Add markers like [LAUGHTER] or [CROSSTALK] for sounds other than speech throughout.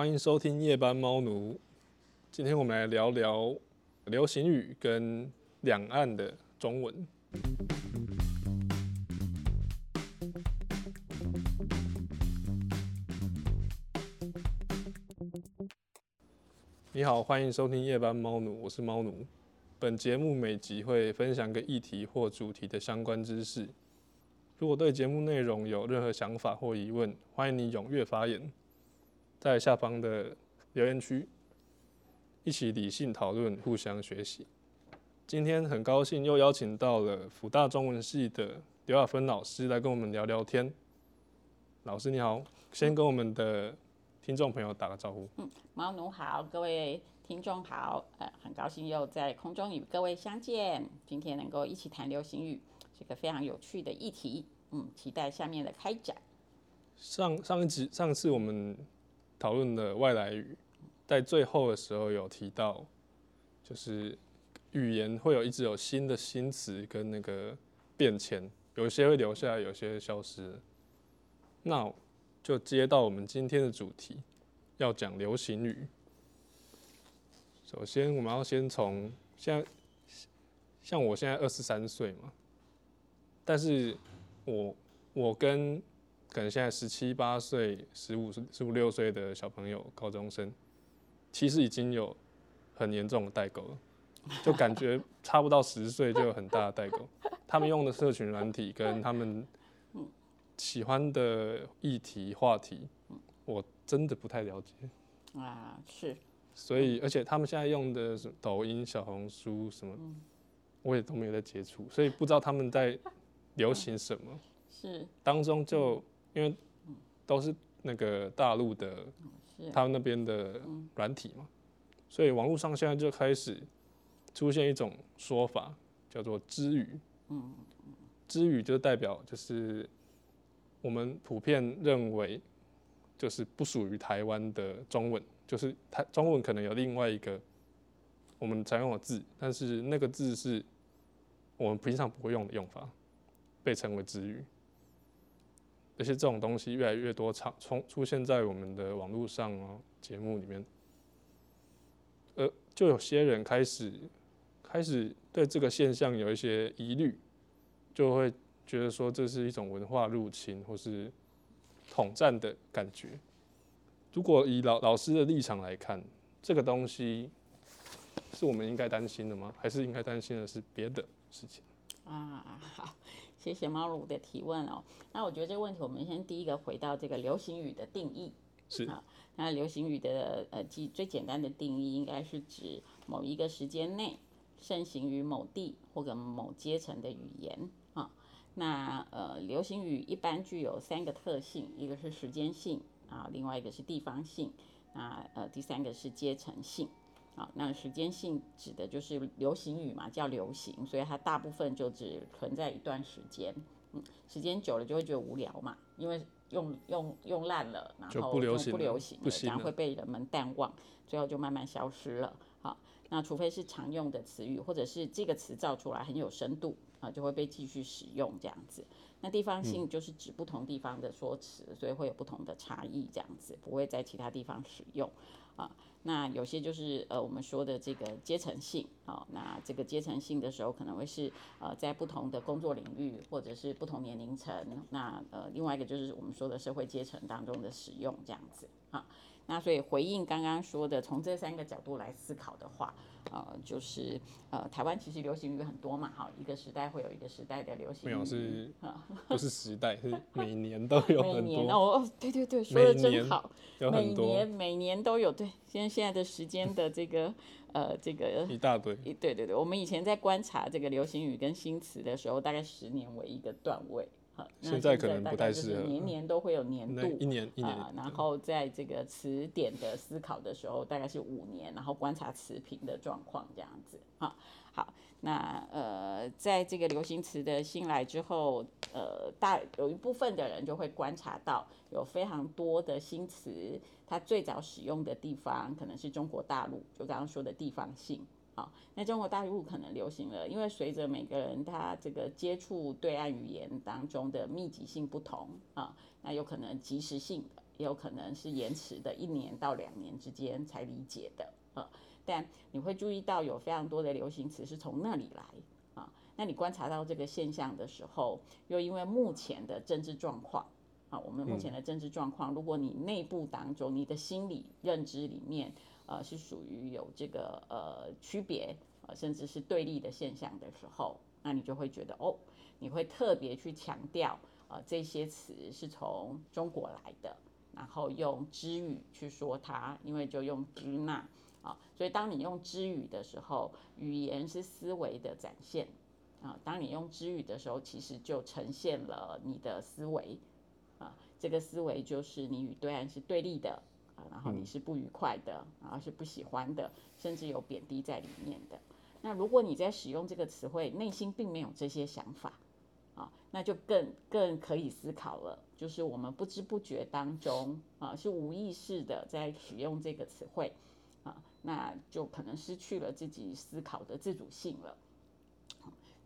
歡迎收聽夜班貓奴，今天我們來聊聊流行語跟兩岸的中文。你好，歡迎收聽夜班貓奴，我是貓奴。本節目每集會分享個議題或主題的相關知識。如果對節目內容有任何想法或疑問，歡迎你踴躍發言。在下方的留言區，一起理性討論，互相學習。今天很高興又邀請到了輔大中文系的劉雅芬老師來跟我們聊聊天。老師你好，先跟我們的聽眾朋友打個招呼。嗯，貓奴好，各位聽眾好，呃，很高興又在空中與各位相見。今天能夠一起談流行語，是一個非常有趣的議題。嗯，期待下面的開展。上上一集上次我們。討論的外來語，在最後的時候有提到，就是語言會有一直有新的新詞跟那個變遷，有些會留下來，有些會消失了。那，就接到我們今天的主題，要講流行語。首先，我們要先從現在，像，像我現在二十三歲嘛，但是我我跟。可能現在十七八歲、十五十五六歲的小朋友、高中生，其實已經有很嚴重的代溝了，就感覺差不多十歲就有很大的代溝。 [LAUGHS] 他們用的社群軟體跟他們喜歡的議題話題，我真的不太了解。啊，是。所以，而且他們現在用的抖音、小紅書什麼，我也都沒有在接觸，所以不知道他們在流行什麼。是。當中就。嗯因為都是那個大陸的，他們那邊的軟體嘛，所以網絡上現在就開始出現一種說法，叫做“支語”。嗯，支語就代表，就是我們普遍認為，就是不屬於台灣的中文，就是台中文可能有另外一個我們常用的字，但是那個字是我們平常不會用的用法，被稱為支語。而且這種東西越來越多，常出現在我們的網絡上哦，節目裡面，呃，就有些人開始開始對這個現象有一些疑慮，就會覺得說，這是一種文化入侵或是統戰的感覺。如果以老老師的立場來看，這個東西是我們應該擔心的嗎？還是應該擔心的是別的事情？啊，好。謝謝毛茹的提問哦。那我覺得這個問題，我們先第一個回到這個流行語的定義。是啊，那流行語的呃，最最簡單的定義應該是指某一個時間內盛行於某地或者某階層的語言啊。那呃，流行語一般具有三個特性，一個是時間性啊，另外一個是地方性，那、啊、呃，第三個是階層性。好，那時間性指的就是流行語嘛，叫流行，所以它大部分就只存在一段時間。嗯，時間久了就會覺得無聊嘛，因為用用用爛了，然後就不流行了，不流行，不行，然後會被人們淡忘，最後就慢慢消失了。好，那除非是常用的詞語，或者是這個詞造出來很有深度啊，就會被繼續使用這樣子。那地方性就是指不同地方的說辭，嗯、所以會有不同的差異，這樣子不會在其他地方使用啊。那有些就是呃我們說的這個階層性啊，那這個階層性的時候可能會是呃在不同的工作領域或者是不同年齡層，那呃另外一個就是我們說的社會階層當中的使用這樣子哈。啊那所以回應剛剛說的，從這三個角度來思考的話，呃，就是呃，台灣其實流行語很多嘛，哈，一個時代會有一個時代的流行語，沒有是，不是時代， [LAUGHS] 是每年都有很多。每年哦哦，對對對，說得真好，每年有很多，每年每年都有對，現在現在的時間的這個 [LAUGHS] 呃這個一大堆，對對對，我們以前在觀察這個流行語跟新詞的時候，大概十年為一個段位。那現在可能不太是年年都會有年度，嗯、一年一年、啊，然後在這個詞典的思考的時候，大概是五年，然後觀察詞頻的狀況這樣子啊。好，那呃，在這個流行詞的新來之後，呃，大有一部分的人就會觀察到有非常多的新詞，它最早使用的地方可能是中國大陸，就剛剛說的地方性。哦，那中國大陸可能流行了，因為隨着每個人他這個接觸對岸語言當中的密集性不同啊，那有可能即時性的，也有可能是延遲的，一年到兩年之間才理解的啊。但你會注意到有非常多的流行詞是從那裡來啊。那你觀察到這個現象的時候，又因為目前的政治狀況啊，我們目前的政治狀況，如果你內部當中你的心理認知裡面。呃，是屬於有這個呃區別，呃，甚至是對立的現象的時候，那你就會覺得哦，你會特別去強調呃這些詞是從中國來的，然後用支語去說它，因為就用支罵啊。所以當你用支語的時候，語言是思維的展現啊。當你用支語的時候，其實就呈現了你的思維啊。這個思維就是你與對岸是對立的。然後你是不愉快的，啊，是不喜歡的，甚至有貶低在裡面的。那如果你在使用這個詞彙，內心並沒有這些想法，啊，那就更更可以思考了。就是我們不知不覺當中，啊，是無意識的在使用這個詞彙，啊，那就可能失去了自己思考的自主性了。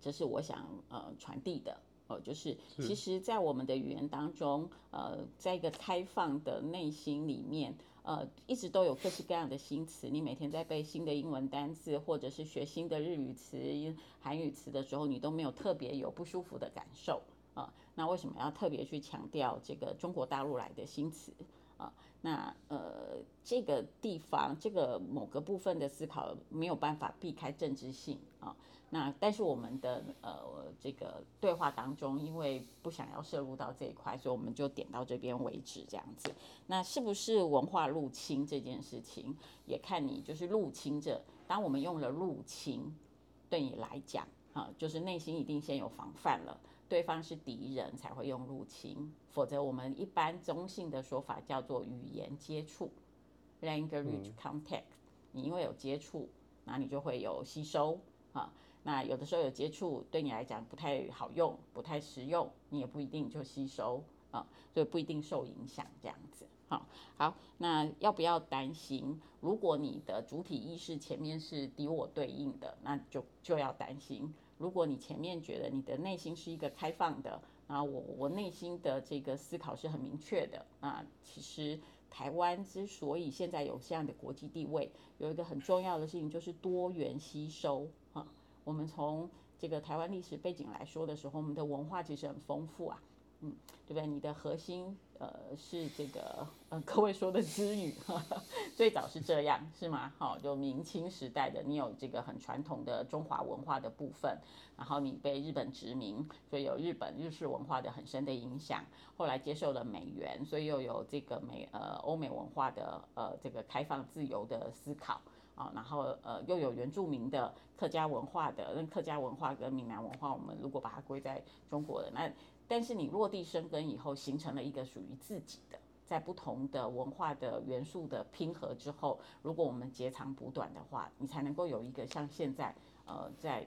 這是我想呃傳遞的。就是，其實，在我們的語言當中，呃，在一個開放的內心裡面，呃，一直都有各式各樣的新詞。你每天在背新的英文單詞，或者是學新的日語詞、韓語詞的時候，你都沒有特別有不舒服的感受啊、呃。那為什麼要特別去強調這個中國大陸來的新詞啊？那呃，這個地方，這個某個部分的思考沒有辦法避開政治性啊。呃那但是我們的呃這個對話當中，因為不想要涉入到這一塊，所以我們就點到這邊為止這樣子。那是不是文化入侵這件事情，也看你就是入侵者。當我們用了入侵，對你來講啊，就是內心一定先有防範了，對方是敵人才會用入侵，否則我們一般中性的說法叫做語言接觸 （language contact），嗯。你因為有接觸，那你就會有吸收啊。那有的時候有接觸，對你來講不太好用，不太實用，你也不一定就吸收啊，所以不一定受影響這樣子。好、啊，好，那要不要擔心？如果你的主體意識前面是敵我對應的，那就就要擔心。如果你前面覺得你的內心是一個開放的，啊，我我內心的這個思考是很明確的，啊，其實台灣之所以現在有這樣的國際地位，有一個很重要的事情就是多元吸收。我們從這個台灣歷史背景來說的時候，我們的文化其實很豐富啊，嗯，對不對？你的核心呃是這個，呃，各位說的“支語”，最早是這樣是嗎？好、哦，就明清時代的，你有這個很傳統的中華文化的部分，然後你被日本殖民，所以有日本日式文化的很深的影響，後來接受了美元，所以又有這個美呃歐美文化的呃這個開放自由的思考。啊、哦，然後呃，又有原住民的客家文化的，那客家文化跟閩南文化，我們如果把它歸在中國的那，但是你落地生根以後，形成了一個屬於自己的，在不同的文化的元素的拼合之後，如果我們截長補短的話，你才能夠有一個像現在呃，在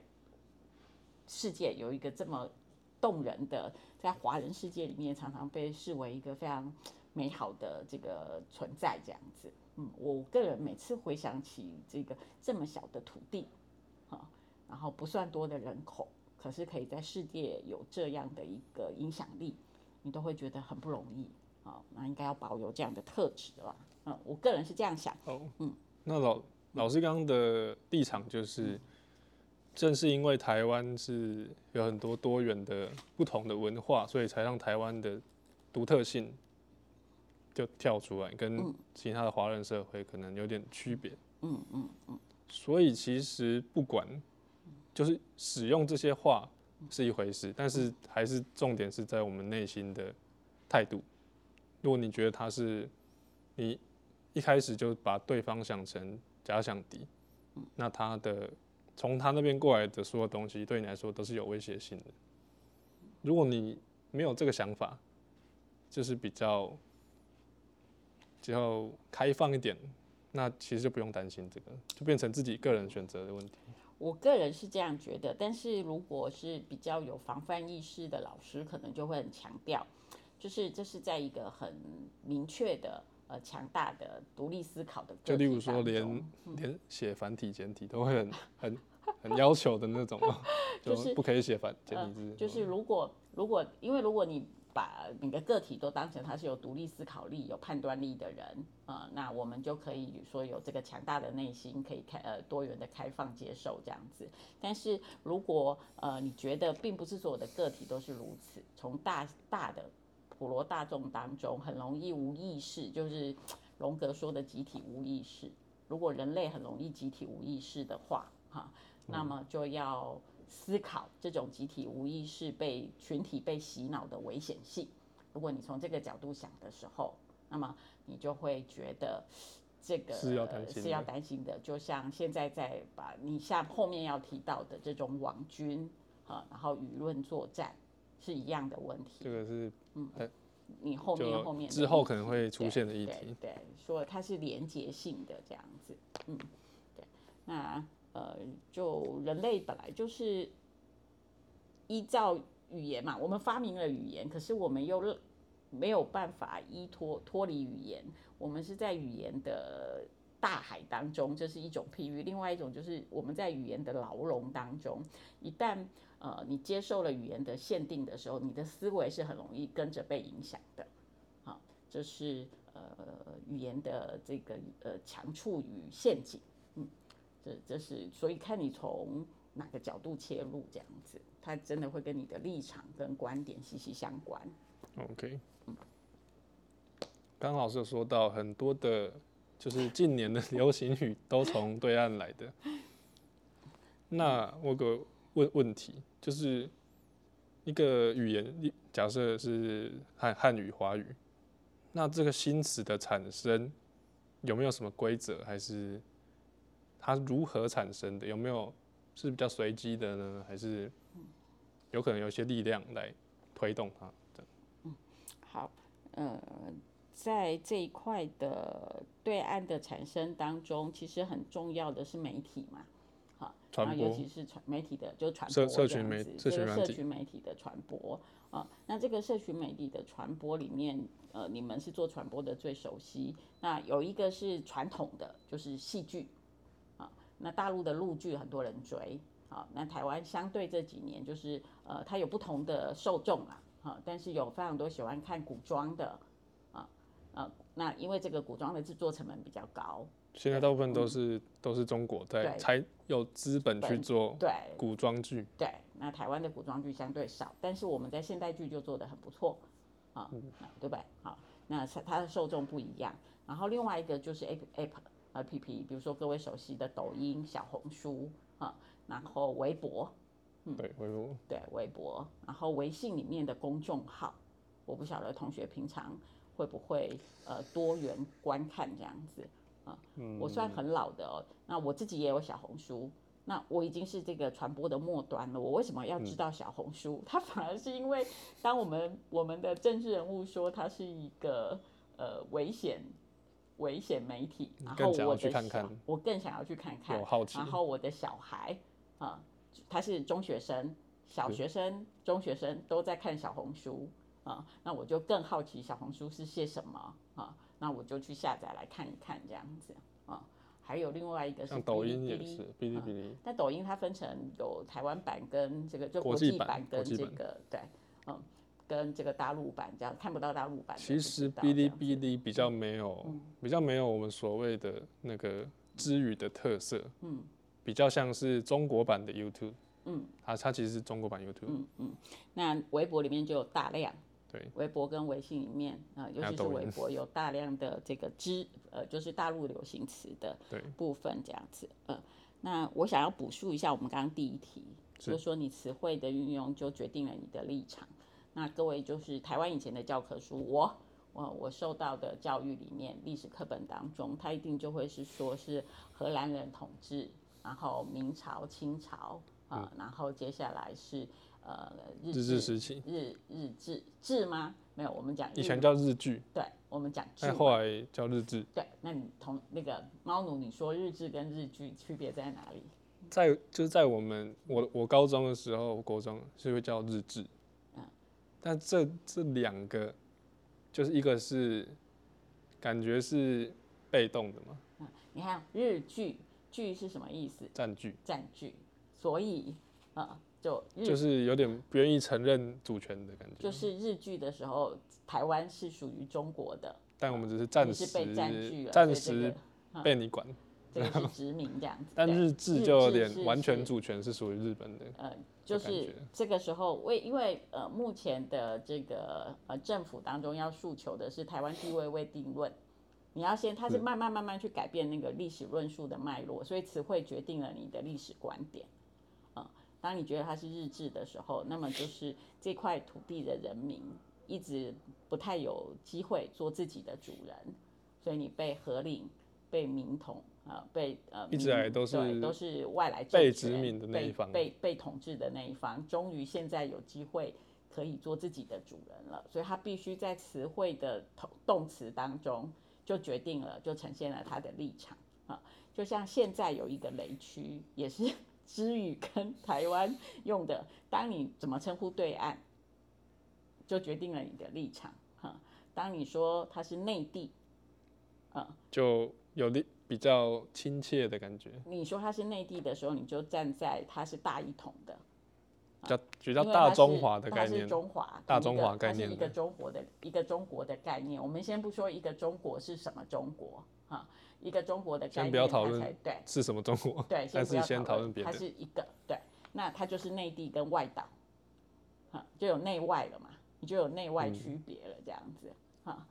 世界有一個這麼動人的，在華人世界裡面常常被視為一個非常美好的這個存在，這樣子。嗯，我個人每次回想起這個這麼小的土地，啊，然後不算多的人口，可是可以在世界有這樣的一個影響力，你都會覺得很不容易，啊，那應該要保有這樣的特質吧？嗯、啊，我個人是這樣想的。Oh，嗯，那老老師剛剛的立場就是，正是因為台灣是有很多多元的不同的文化，所以才讓台灣的獨特性。就跳出來，跟其他的華人社會可能有點區別。嗯嗯嗯。所以其實不管，就是使用這些話是一回事，但是還是重點是在我們內心的態度。如果你覺得他是你一開始就把對方想成假想敵，那他的從他那邊過來的所有東西對你來說都是有威脅性的。如果你沒有這個想法，就是比較。只要開放一點，那其實就不用擔心這個，就變成自己個人選擇的問題。我個人是這樣覺得，但是如果是比較有防範意識的老師，可能就會很強調，就是這是在一個很明確的、呃，強大的獨立思考的，就例如說連，嗯、連連寫繁體簡體都會很很很要求的那種， [LAUGHS] 就是 [LAUGHS] 就不可以寫繁簡體字，呃。就是如果、嗯、如果因為如果你。把每個個體都當成他是有獨立思考力、有判斷力的人，呃，那我們就可以說有這個強大的內心，可以開，呃，多元的開放接受這樣子。但是如果，呃，你覺得並不是所有的個體都是如此，從大大的普羅大眾當中很容易無意識，就是榮格說的集體無意識。如果人類很容易集體無意識的話，哈，啊，那麼就要，思考這種集體，無意識被群體被洗腦的危險性。如果你從這個角度想的時候，那麼你就會覺得這個是要擔心,心的。就像現在在把你像後面要提到的這種網軍啊，然後輿論作戰是一樣的問題。這個是嗯，你後面後面之後可能會出現的議題。對,對,對，說它是連結性的這樣子，嗯，對，那。呃，就人類本來就是依照語言嘛，我們發明了語言，可是我們又沒有辦法依托脫離語言，我們是在語言的大海當中，這是一種譬喻，另外一種就是我們在語言的牢籠當中，一旦呃你接受了語言的限定的時候，你的思維是很容易跟着被影響的，這、啊就是呃語言的這個呃強處與陷阱，嗯。是，就是，所以看你從哪個角度切入，這樣子，它真的會跟你的立場跟觀點息息相關。OK，嗯，剛老師有說到很多的，就是近年的流行語都從對岸來的。 [LAUGHS] 那我有個問問題，就是一個語言，假設是漢漢語、華語，那這個新詞的產生有沒有什麼規則，還是？它如何產生的？有沒有是比較隨機的呢？還是有可能有些力量來推動它？嗯，好，呃，在這一塊的對岸的產生當中，其實很重要的是媒體嘛，好，啊，尤其是傳媒體的，就傳播這樣子，社社群媒，就是社群媒體的傳播啊。那這個社群媒體的傳播裡面，呃，你們是做傳播的最熟悉。那有一個是傳統的，就是戲劇。那大陸的陸劇很多人追，好、啊，那台灣相對這幾年就是，呃，它有不同的受眾好、啊啊，但是有非常多喜歡看古裝的啊，啊，那因為這個古裝的制作成本比較高，現在大部分都是對都是中國在對才有資本去做古裝劇，對，那台灣的古裝劇相對少，但是我們在現代劇就做得很不錯，啊，嗯、對不對？好、啊，那它的受眾不一樣，然後另外一個就是 App App。呃，P P，比如說各位熟悉的抖音、小紅書啊，然後微博，嗯、對，微博，對，微博，然後微信裡面的公眾號，我不曉得同學平常會不會呃多元觀看這樣子啊，嗯、我算很老的、哦，那我自己也有小紅書，那我已經是這個傳播的末端了，我為什麼要知道小紅書？它、嗯、反而是因為當我們我們的政治人物說它是一個呃危險。危險媒體，然後我的小更想要去看看我更想要去看看，然後我的小孩啊、嗯，他是中學生、小學生、是中學生都在看小紅書啊、嗯，那我就更好奇小紅書是些什麼啊、嗯，那我就去下載來看一看這樣子啊、嗯，還有另外一個是、P、D, 像抖音也是，嗶哩嗶哩，嗶哩嗶哩，D P D、但抖音它分成有台灣版跟這個就國際版,國際版跟這個對，嗯。跟這個大陸版這樣，看不到大陸版。其實嗶哩嗶哩比較沒有，嗯、比較沒有我們所謂的那個支語的特色，嗯，比較像是中國版的 YouTube，嗯，它它其實是中國版 YouTube，嗯嗯，那微博裡面就有大量，對，微博跟微信裡面啊、呃，尤其是微博有大量的這個支，呃，就是大陸流行詞的，對，部分這樣子，嗯對、呃，那我想要補述一下我們剛剛第一題，是就是說你詞彙的運用就決定了你的立場。那各位就是台灣以前的教科書，我我我受到的教育裡面，歷史課本當中，它一定就會是說是荷蘭人統治，然後明朝、清朝啊、呃，然後接下來是呃日治、日治時期，日日治治嗎？沒有，我們講以前叫日據，對，我們講治、治，後來叫日治，對，那你同那個貓奴，你說日治跟日據區別在哪裡？在就是在我們我我高中的時候，國中是會叫日治。那這這兩個，就是一個是感覺是被動的嗎？嗯，你看日據，據是什麼意思？佔據，佔據。所以啊，嗯，就就是有點不願意承認主權的感覺。就是日據的時候，台灣是屬於中國的。但我們只是暫時是被佔據，暫時被你管。這個是殖民這樣子， [LAUGHS] 但日治就有點完全主權是屬於日本的。呃，就是這個時候為因為呃目前的這個呃政府當中要訴求的是台灣地位未定論，你要先它是慢慢慢慢去改變那個歷史論述的脈絡，是所以詞彙決定了你的歷史觀點。嗯、呃，當你覺得它是日治的時候，那麼就是這塊土地的人民一直不太有機會做自己的主人，所以你被荷領、被明統。呃，被呃，嗯、一直來都是對、都是外來被殖民的那一方，被被、被統治的那一方，終於現在有機會可以做自己的主人了，所以他必須在詞彙的動動詞當中就決定了，就呈現了他的立場啊、呃。就像現在有一個雷區，也是支語，跟台灣用的，當你怎麼稱呼對岸，就決定了你的立場啊、呃。當你說他是內地，啊、呃，就有的比較親切的感覺。你說他是內地的時候，你就站在他是大一統的，啊、比較，比較大中華的概念，中華大中華概念，一個中國的，一個中國的概念。我們先不說一個中國是什麼中國，啊、一個中國的概念他才，先不要討論對，是什麼中國？對，但是先討論別人。它是一個，對，那它就是內地跟外島、啊，就有內外了嘛，你就有內外區別了，這樣子，哈、嗯。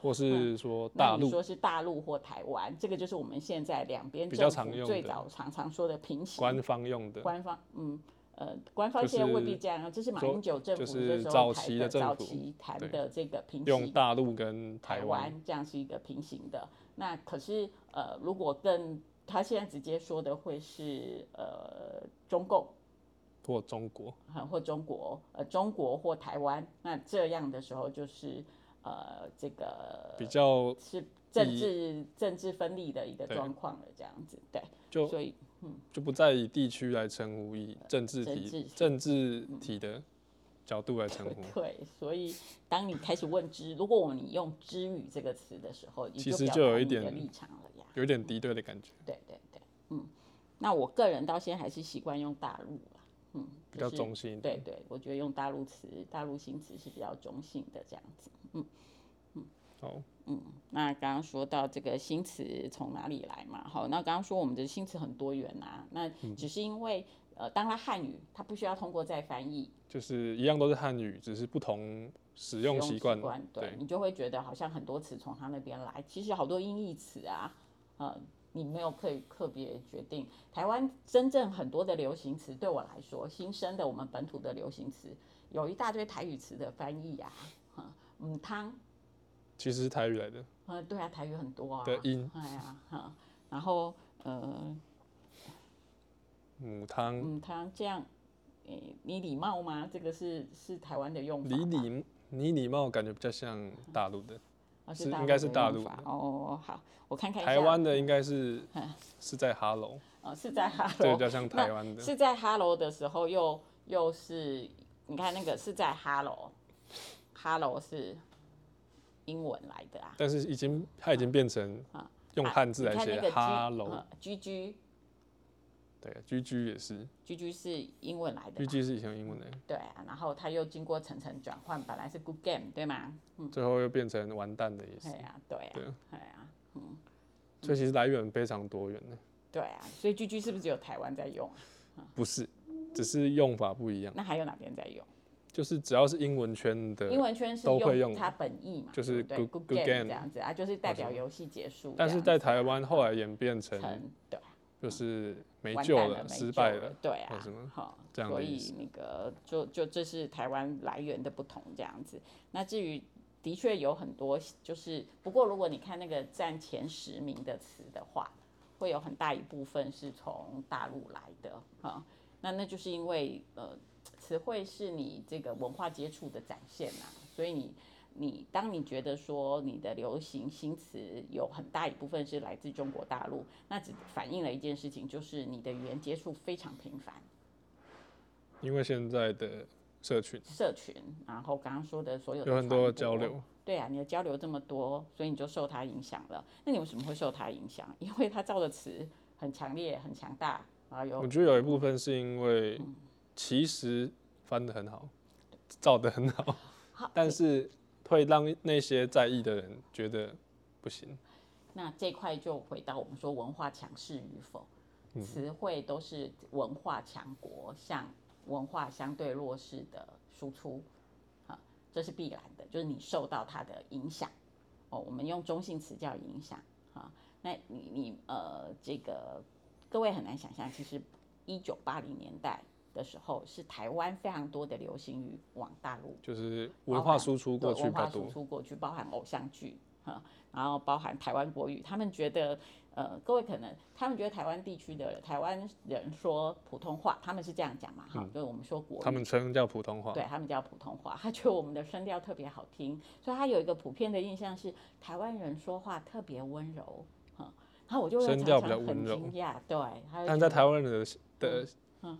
或是說大陸，嗯、說是大陸或台灣，這個就是我們現在兩邊比較常用、最早常常常說的平行。官方用的，官方嗯呃，官方現在未必這樣。這是馬英九政府時候，就是、早期的政府說說的早期談的這個平行，用大陸跟台灣這樣是一個平行的。那可是呃，如果更，他現在直接說的會是呃中共或中國，嗯、或中國呃中國或台灣，那這樣的時候就是。呃，這個比較是政治政治分立的一個狀況了，這樣子對，對就所以嗯，就不再以地區來稱呼，以政治體政治，政治體的角度來稱呼。嗯、對，對，對，所以當你開始問支， [LAUGHS] 如果我們用“支語”這個詞的時候，其實就有一點立場了呀，有一點敵對的感覺、嗯。對對對，嗯，那我個人到現在還是習慣用大陸、啊、嗯，就是、比較中性。對，對對，我覺得用大陸詞、大陸新詞是比較中性的這樣子。嗯好，嗯，好，嗯，那剛剛說到這個新詞從哪裡來嘛？好，那剛剛說我們的新詞很多元啊，那只是因為，嗯，呃，當它漢語，它不需要通過再翻譯，就是一樣都是漢語，只是不同使用習慣，對，對，你就會覺得好像很多詞從他那邊來，其實好多音譯詞啊，呃，你沒有可以特別決定。台灣真正很多的流行詞，對我來說，新生的我們本土的流行詞，有一大堆台語詞的翻譯啊。母湯，其實是台語來的。呃、啊，對啊，台語很多啊。的音，哎呀，哈，然後嗯、呃、母湯湯，母湯這樣，欸、你禮貌嗎？這個是是台灣的用法。禮禮，你禮貌感覺比較像大陸的，啊、是，陸的是應該是大陸。哦，好，我看看，台灣的應該是是在哈 e l 是在 h e 對，比較像台灣的。是在哈 e 的時候又，又又是，你看那個是在哈 e Hello 是英文來的啊，但是已經它已經變成用漢字來寫、啊啊、Hello。呃、G G 對啊，G G 也是。G G 是英文來的、啊、，G G 是以前英文的。對啊，然後它又經過層層轉換，本來是 Good Game 對嗎？嗯、最後又變成完蛋的意思。對啊，對啊，對啊，嗯。所以其實來源非常多元的。對啊，所以 G G 是不是只有台灣在用？ [LAUGHS] 不是，只是用法不一樣。那還有哪邊在用？就是只要是英文圈的，英文圈是都會用它本意嘛，就是 good game 這樣子啊，就是代表遊戲結束。但是在台灣後來演變成，對，就是沒救了，了沒救了，失敗了，對啊，好，呵這樣，所以那個就就這是台灣來源的不同這樣子。那至於的確有很多，就是不過如果你看那個佔前十名的詞的話，會有很大一部分是從大陸來的。好，那那就是因為呃。詞彙是你這個文化接觸的展現吶、啊，所以你你當你覺得說你的流行新詞有很大一部分是來自中國大陸，那只反映了一件事情，就是你的語言接觸非常頻繁。因為現在的社群，社群，然後剛剛說的所有有很多交流，對啊，你的交流這麼多，所以你就受它影響了。那你為什麼會受它影響？因為它造的詞很強烈、很強大啊。有我覺得有一部分是因為。嗯嗯其實翻得很好，造得很好，好，但是會讓那些在意的人覺得不行。那這塊就回到我們說文化強勢與否，詞彙、嗯、都是文化強國，像文化相對弱勢的輸出啊，這是必然的，就是你受到它的影響哦。我們用中性詞叫影響啊。那你你呃，這個各位很難想象，其實一九八零年代。的時候是台灣非常多的流行語往大陸，就是文化輸出過去比較多，文化輸出過去，包含偶像劇，然後包含台灣國語。他們覺得，呃，各位可能他們覺得台灣地區的台灣人說普通話，他們是這樣講嘛？哈，嗯，就我們說國語，他們稱叫普通話，對，他們叫普通話。他覺得我們的聲調特別好聽，所以他有一個普遍的印象是台灣人說話特別溫柔，哈。然後我就會常常很驚訝，聲調比較溫柔對。但在台灣人的的。的嗯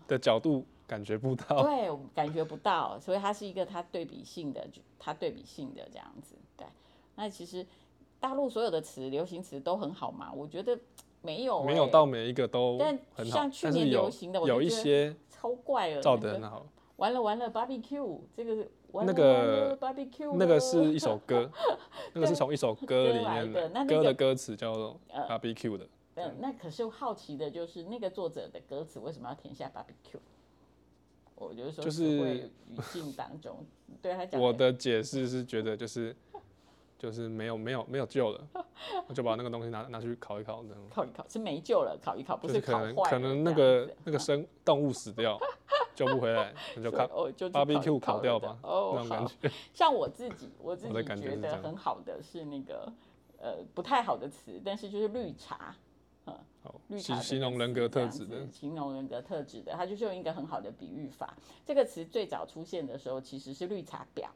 的角度感覺不到、嗯，對，感覺不到，所以它是一個它對比性的，它對比性的這樣子，對。那其實大陸所有的詞，流行詞都很好嘛？我覺得沒有、欸，沒有到每一個都很好，但像去年流行的，有，我覺得有一些超怪的，造得很好。完了完了，Barbecue 這個完了完了了，那個 Barbecue 那個是一首歌， [LAUGHS] 那個是從一首歌裡面的歌的那、那個、歌的歌詞叫做 Barbecue 的。呃嗯，那可是好奇的就是那個作者的歌詞為什麼要填下 barbecue？我覺得說就是語境當中，對，他講我的解釋是覺得就是就是沒有沒有沒有救了，我就把那個東西拿拿去烤一烤，烤一烤是沒救了，烤一烤不是烤壞，可能那個那個生動物死掉，救不回來，就烤哦，就 barbecue 烤掉吧，那種感覺。像我自己，我自己覺得很好的是那個呃不太好的詞，但是就是綠茶。綠形容人格特質的，形容人格特質的，它就是用一個很好的比喻法。這個詞最早出現的時候，其實是綠茶婊，啊、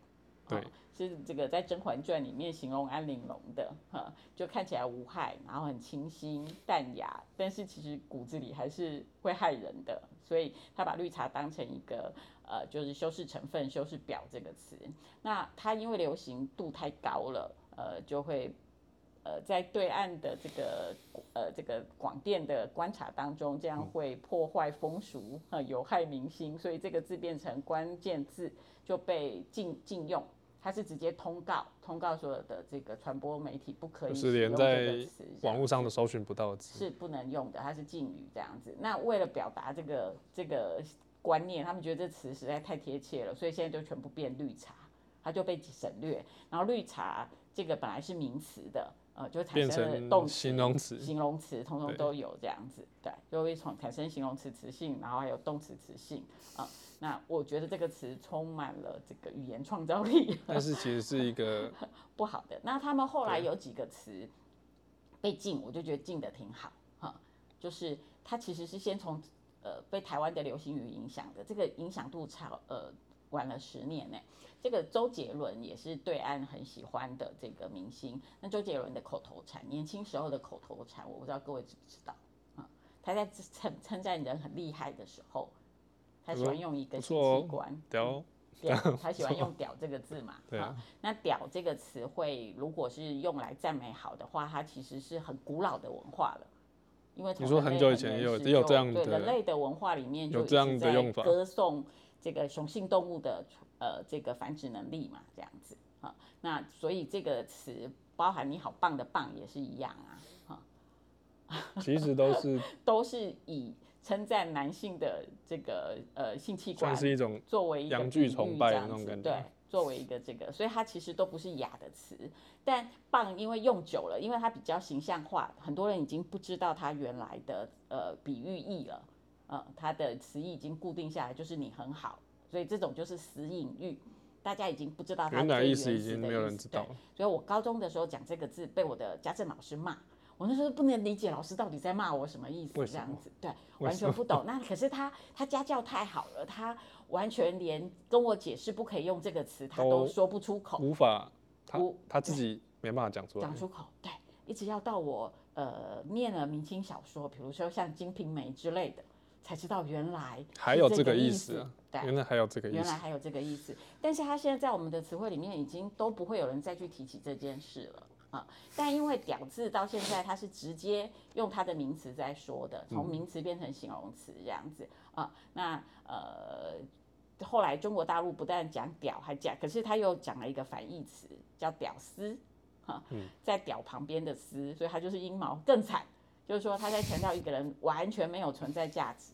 對，是這個在《甄嬛傳》裡面形容安陵容的、啊，就看起來無害，然後很清新淡雅，但是其實骨子裡還是會害人的，所以他把綠茶當成一個呃，就是修飾成分，修飾婊這個詞。那它因為流行度太高了，呃，就會。呃，在對岸的這個呃這個廣電的觀察當中，這樣會破壞風俗，呃，有害民心，所以這個字變成關鍵字就被禁禁用。它是直接通告，通告所有的這個傳播媒體不可以用這個詞。就是連在網絡上的搜尋不到的詞。是不能用的，它是禁語這樣子。那為了表達這個這個觀念，他們覺得這詞實在太貼切了，所以現在就全部變綠茶，它就被省略。然後綠茶這個本來是名詞的。呃，就產生了動詞、形容詞、形容詞，通通都有這樣子，對，對，就會從產生形容詞詞性，然後還有動詞詞性啊、呃。那我覺得這個詞充滿了這個語言創造力，但是其實是一個呵呵不好的。那他們後來有幾個詞被禁，對我就覺得禁得挺好，就是它其實是先從呃被台灣的流行語影響的，這個影響度差呃晚了十年呢、欸。這個周杰倫也是對岸很喜歡的這個明星。那周杰倫的口頭禪，年輕時候的口頭禪，我不知道各位知不知道。他在稱稱讚人很厲害的時候，他喜歡用一個性器官，屌，屌，他喜歡用“屌”這個字嘛？那“屌”這個詞彙，如果是用來讚美好的話，它其實是很古老的文化了，因為你說很久以前也有這樣的對人類的文化裡面就已經在歌頌這個雄性動物的。呃，這個繁殖能力嘛，這樣子啊，那所以這個詞包含“你好棒”的“棒”也是一樣啊。啊，其實都是 [LAUGHS] 都是以稱讚男性的這個呃性器官，算是一種作為一個陽具崇拜的那種感覺。對，作為一個這個，所以它其實都不是雅的詞。但“棒”因為用久了，因為它比較形象化，很多人已經不知道它原來的呃比喻義了。呃，它的詞義已經固定下來，就是你很好。所以這種就是死隱喻，大家已經不知道他原的意思，意思已經沒有人知道。所以我高中的時候講這個字，被我的家政老師罵。我那時候不能理解老師到底在罵我什麼意思，這樣子，對，完全不懂。 [LAUGHS] 那可是他，他家教太好了，他完全連跟我解釋不可以用這個詞，哦，他都說不出口，無法，無他他自己沒辦法講出講出口，對，一直要到我呃，唸了明清小說，比如說像《金瓶梅》之類的。才知道原來還有這個意思，原來還有這個意思，原來還有這個意思。但是它現在在我們的詞彙裡面已經都不會有人再去提起這件事了啊。但因為“屌”字到現在它，是直接用它的名詞在說的，從名詞變成形容詞這樣子，嗯、啊。那呃，後來中國大陸不但講“屌”，還講，可是他又講了一個反義詞叫屌“啊嗯、屌絲”，哈，在“屌”旁邊的“絲”，所以它就是陰毛，更慘。就是說，他在強調一個人完全沒有存在價值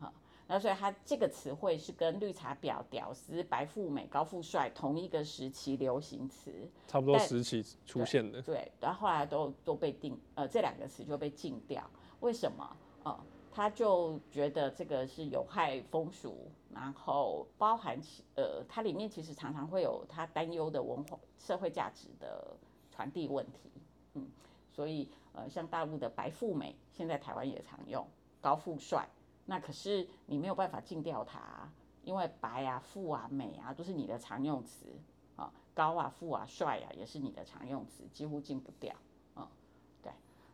啊、嗯，那所以他這個詞彙是跟“綠茶婊”、“屌絲”、“白富美”、“高富帥”同一個時期流行詞，差不多時期但出現的。對，然後後來都都被定，呃，這兩個詞就被禁掉。為什麼哦、呃，他就覺得這個是有害風俗，然後包含起呃，它裡面其實常常會有他擔憂的文化、社會價值的傳遞問題，嗯，所以。呃，像大陸的“白富美”，現在臺灣也常用“高富帥”。那可是你沒有辦法禁掉它，因為“白”啊、“富”啊、美啊“美”啊都是你的常用詞、呃、高啊，“高”啊、“富”啊、“帥”啊也是你的常用詞，幾乎禁不掉嗯、呃，對，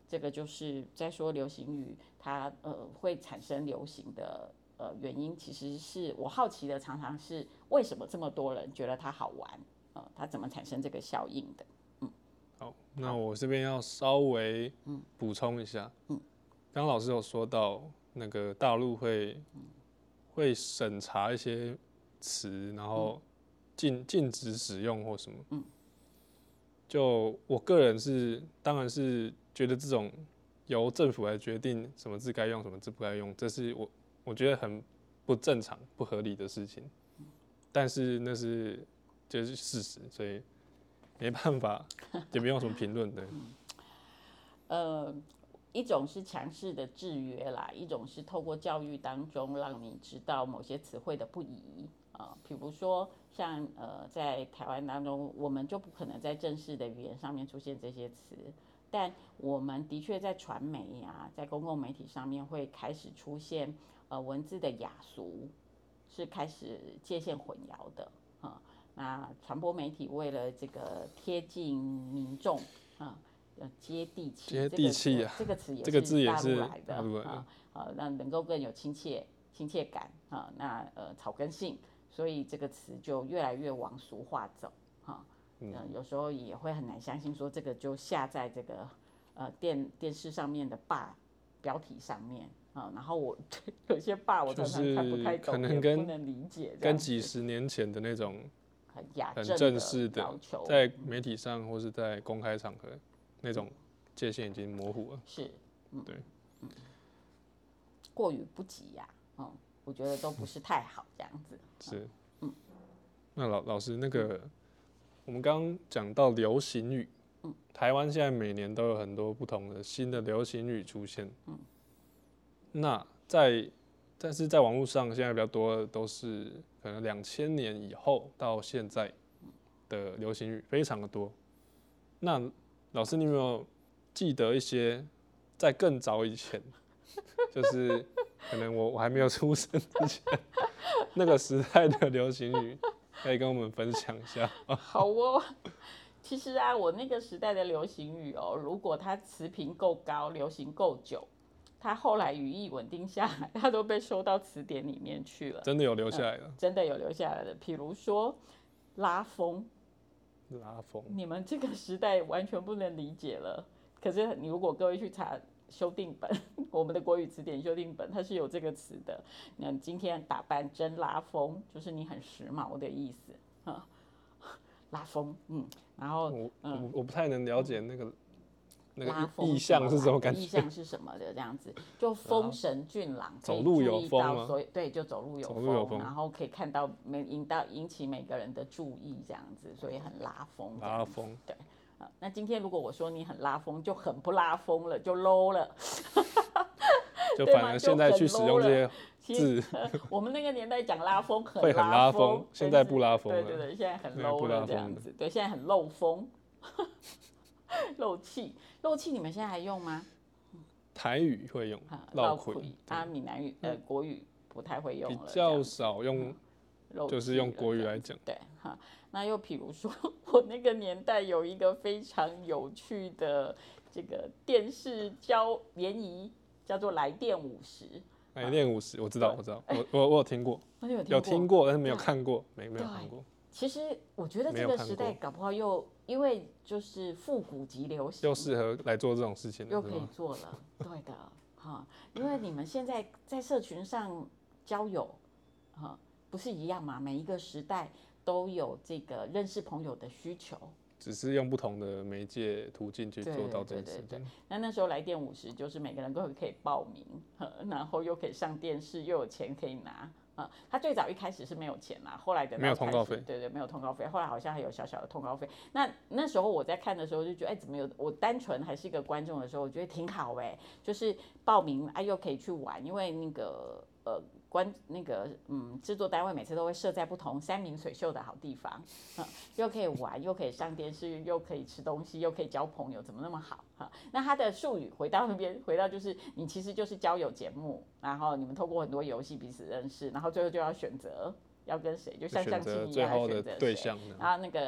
這個就是在說流行語它呃會產生流行的呃原因，其實是我好奇的，常常是為什麼這麼多人覺得它好玩啊、呃？它怎麼產生這個效應的？那我這邊要稍微補充一下，剛剛老師有說到那個大陸會會審查一些詞，然後禁禁止使用或什麼。就我個人是，當然是覺得這種由政府來決定什麼字該用什麼字不該用，這是我我覺得很不正常、不合理的事情。但是那是就是事實，所以。沒辦法，也沒有什麼評論的、 [LAUGHS] 嗯。呃，一種是強勢的制約啦，一種是透過教育當中讓你知道某些詞彙的不宜啊，呃、比如說像呃，在台灣當中，我們就不可能在正式的語言上面出現這些詞，但我們的確在傳媒呀、啊，在公共媒體上面會開始出現呃文字的雅俗，是開始界限混淆的。那傳播媒體為了這個貼近民眾啊，要接地氣，接地氣、啊、這個詞、這個、也是大陸來的啊，啊那，呃，讓能夠更有親切親切感啊，那呃草根性，所以這個詞就越來越往俗化走哈，啊、嗯、啊，有時候也會很難相信說這個就下在這個呃電電視上面的霸標題上面啊，然後我 [LAUGHS] 有些霸我通常看不太懂，可能，跟，不能理解跟幾十年前的那種。很正，很正式的在媒體上或是在公開場合，嗯、那種界限已經模糊了。是，嗯、對，嗯、過於不羈呀、啊嗯，我覺得都不是太好這樣子。嗯嗯、是，嗯。那老老師，那個我們剛剛講到流行語，嗯，台灣現在每年都有很多不同的新的流行語出現，嗯。那在，但是在網絡上現在比較多的都是。可能兩千年以後到現在的流行語非常的多。那老師，你有沒有記得一些在更早以前， [LAUGHS] 就是可能我我還沒有出生之前 [LAUGHS] 那個時代的流行語，可以跟我們分享一下？好哦，其實啊，我那個時代的流行語哦，如果它詞頻夠高，流行夠久。他後來語義穩定下來，他都被收到詞典裡面去了，真的有留下來了、嗯。真的有留下來的，真的有留下來的。比如說，拉風，拉風，你們這個時代完全不能理解了。可是你如果各位去查修訂本，我們的國語詞典修訂本，它是有這個詞的。你看你今天打扮真拉風，就是你很時髦的意思。嗯、拉風，嗯，然後我我不太能了解那個。拉風意，意象是什麼感覺？意象是什麼的這樣子， [LAUGHS] 後就風神俊朗，可以注意到走路有風，所以對，就走路有風，走路有風然後可以看到每引到引起每個人的注意，這樣子，所以很拉風這樣子。拉風，對、啊。那今天如果我說你很拉風，就很不拉風了，就 low 了。 [LAUGHS] 就反正現在去使用這些字，我們那個年代講拉風，很拉風會很拉風，對現在不拉風、啊。對對對，現在很 low 了，這樣子，對，現在很漏風。 [LAUGHS] 漏氣，漏氣，你們現在還用嗎？台語會用，漏氣啊，閩南語呃，國語不太會用了，比較少用，就是用國語來講。對，哈，那又比如說，我那個年代有一個非常有趣的這個電視交聯誼，叫做來電五十。來電五十，我知道，我知道，我我我有聽過，有聽過，但是沒有看過，沒沒有看過。其實我覺得這個時代搞不好又。因為就是復古級流行，又適合來做這種事情，又可以做了， [LAUGHS] 對的，哈，因為你們現在在社群上交友，哈，不是一樣嘛？每一個時代都有這個認識朋友的需求，只是用不同的媒介途徑去做到這件事情。對，對，對，對，那那時候來電五十，就是每個人都可以報名，然後又可以上電視，又有錢可以拿。呃、嗯、他最早一開始是沒有錢嘛，後來的開始沒有通告費，對，對對，沒有通告費，後來好像還有小小的通告費。那那時候我在看的時候就覺得，哎、欸，怎麼有？我單純還是一個觀眾的時候，我覺得挺好哎、欸，就是報名哎、啊，又可以去玩，因為那個呃。關那個嗯，製作單位每次都會設在不同山明水秀的好地方，又可以玩，又可以上電視，又可以吃東西，又可以交朋友，怎麼那麼好？哈，那它的術語回到那邊，回到就是你其實就是交友節目，然後你們透過很多遊戲彼此認識，然後最後就要選擇要跟誰，就像相親一樣的選擇對象。然後那個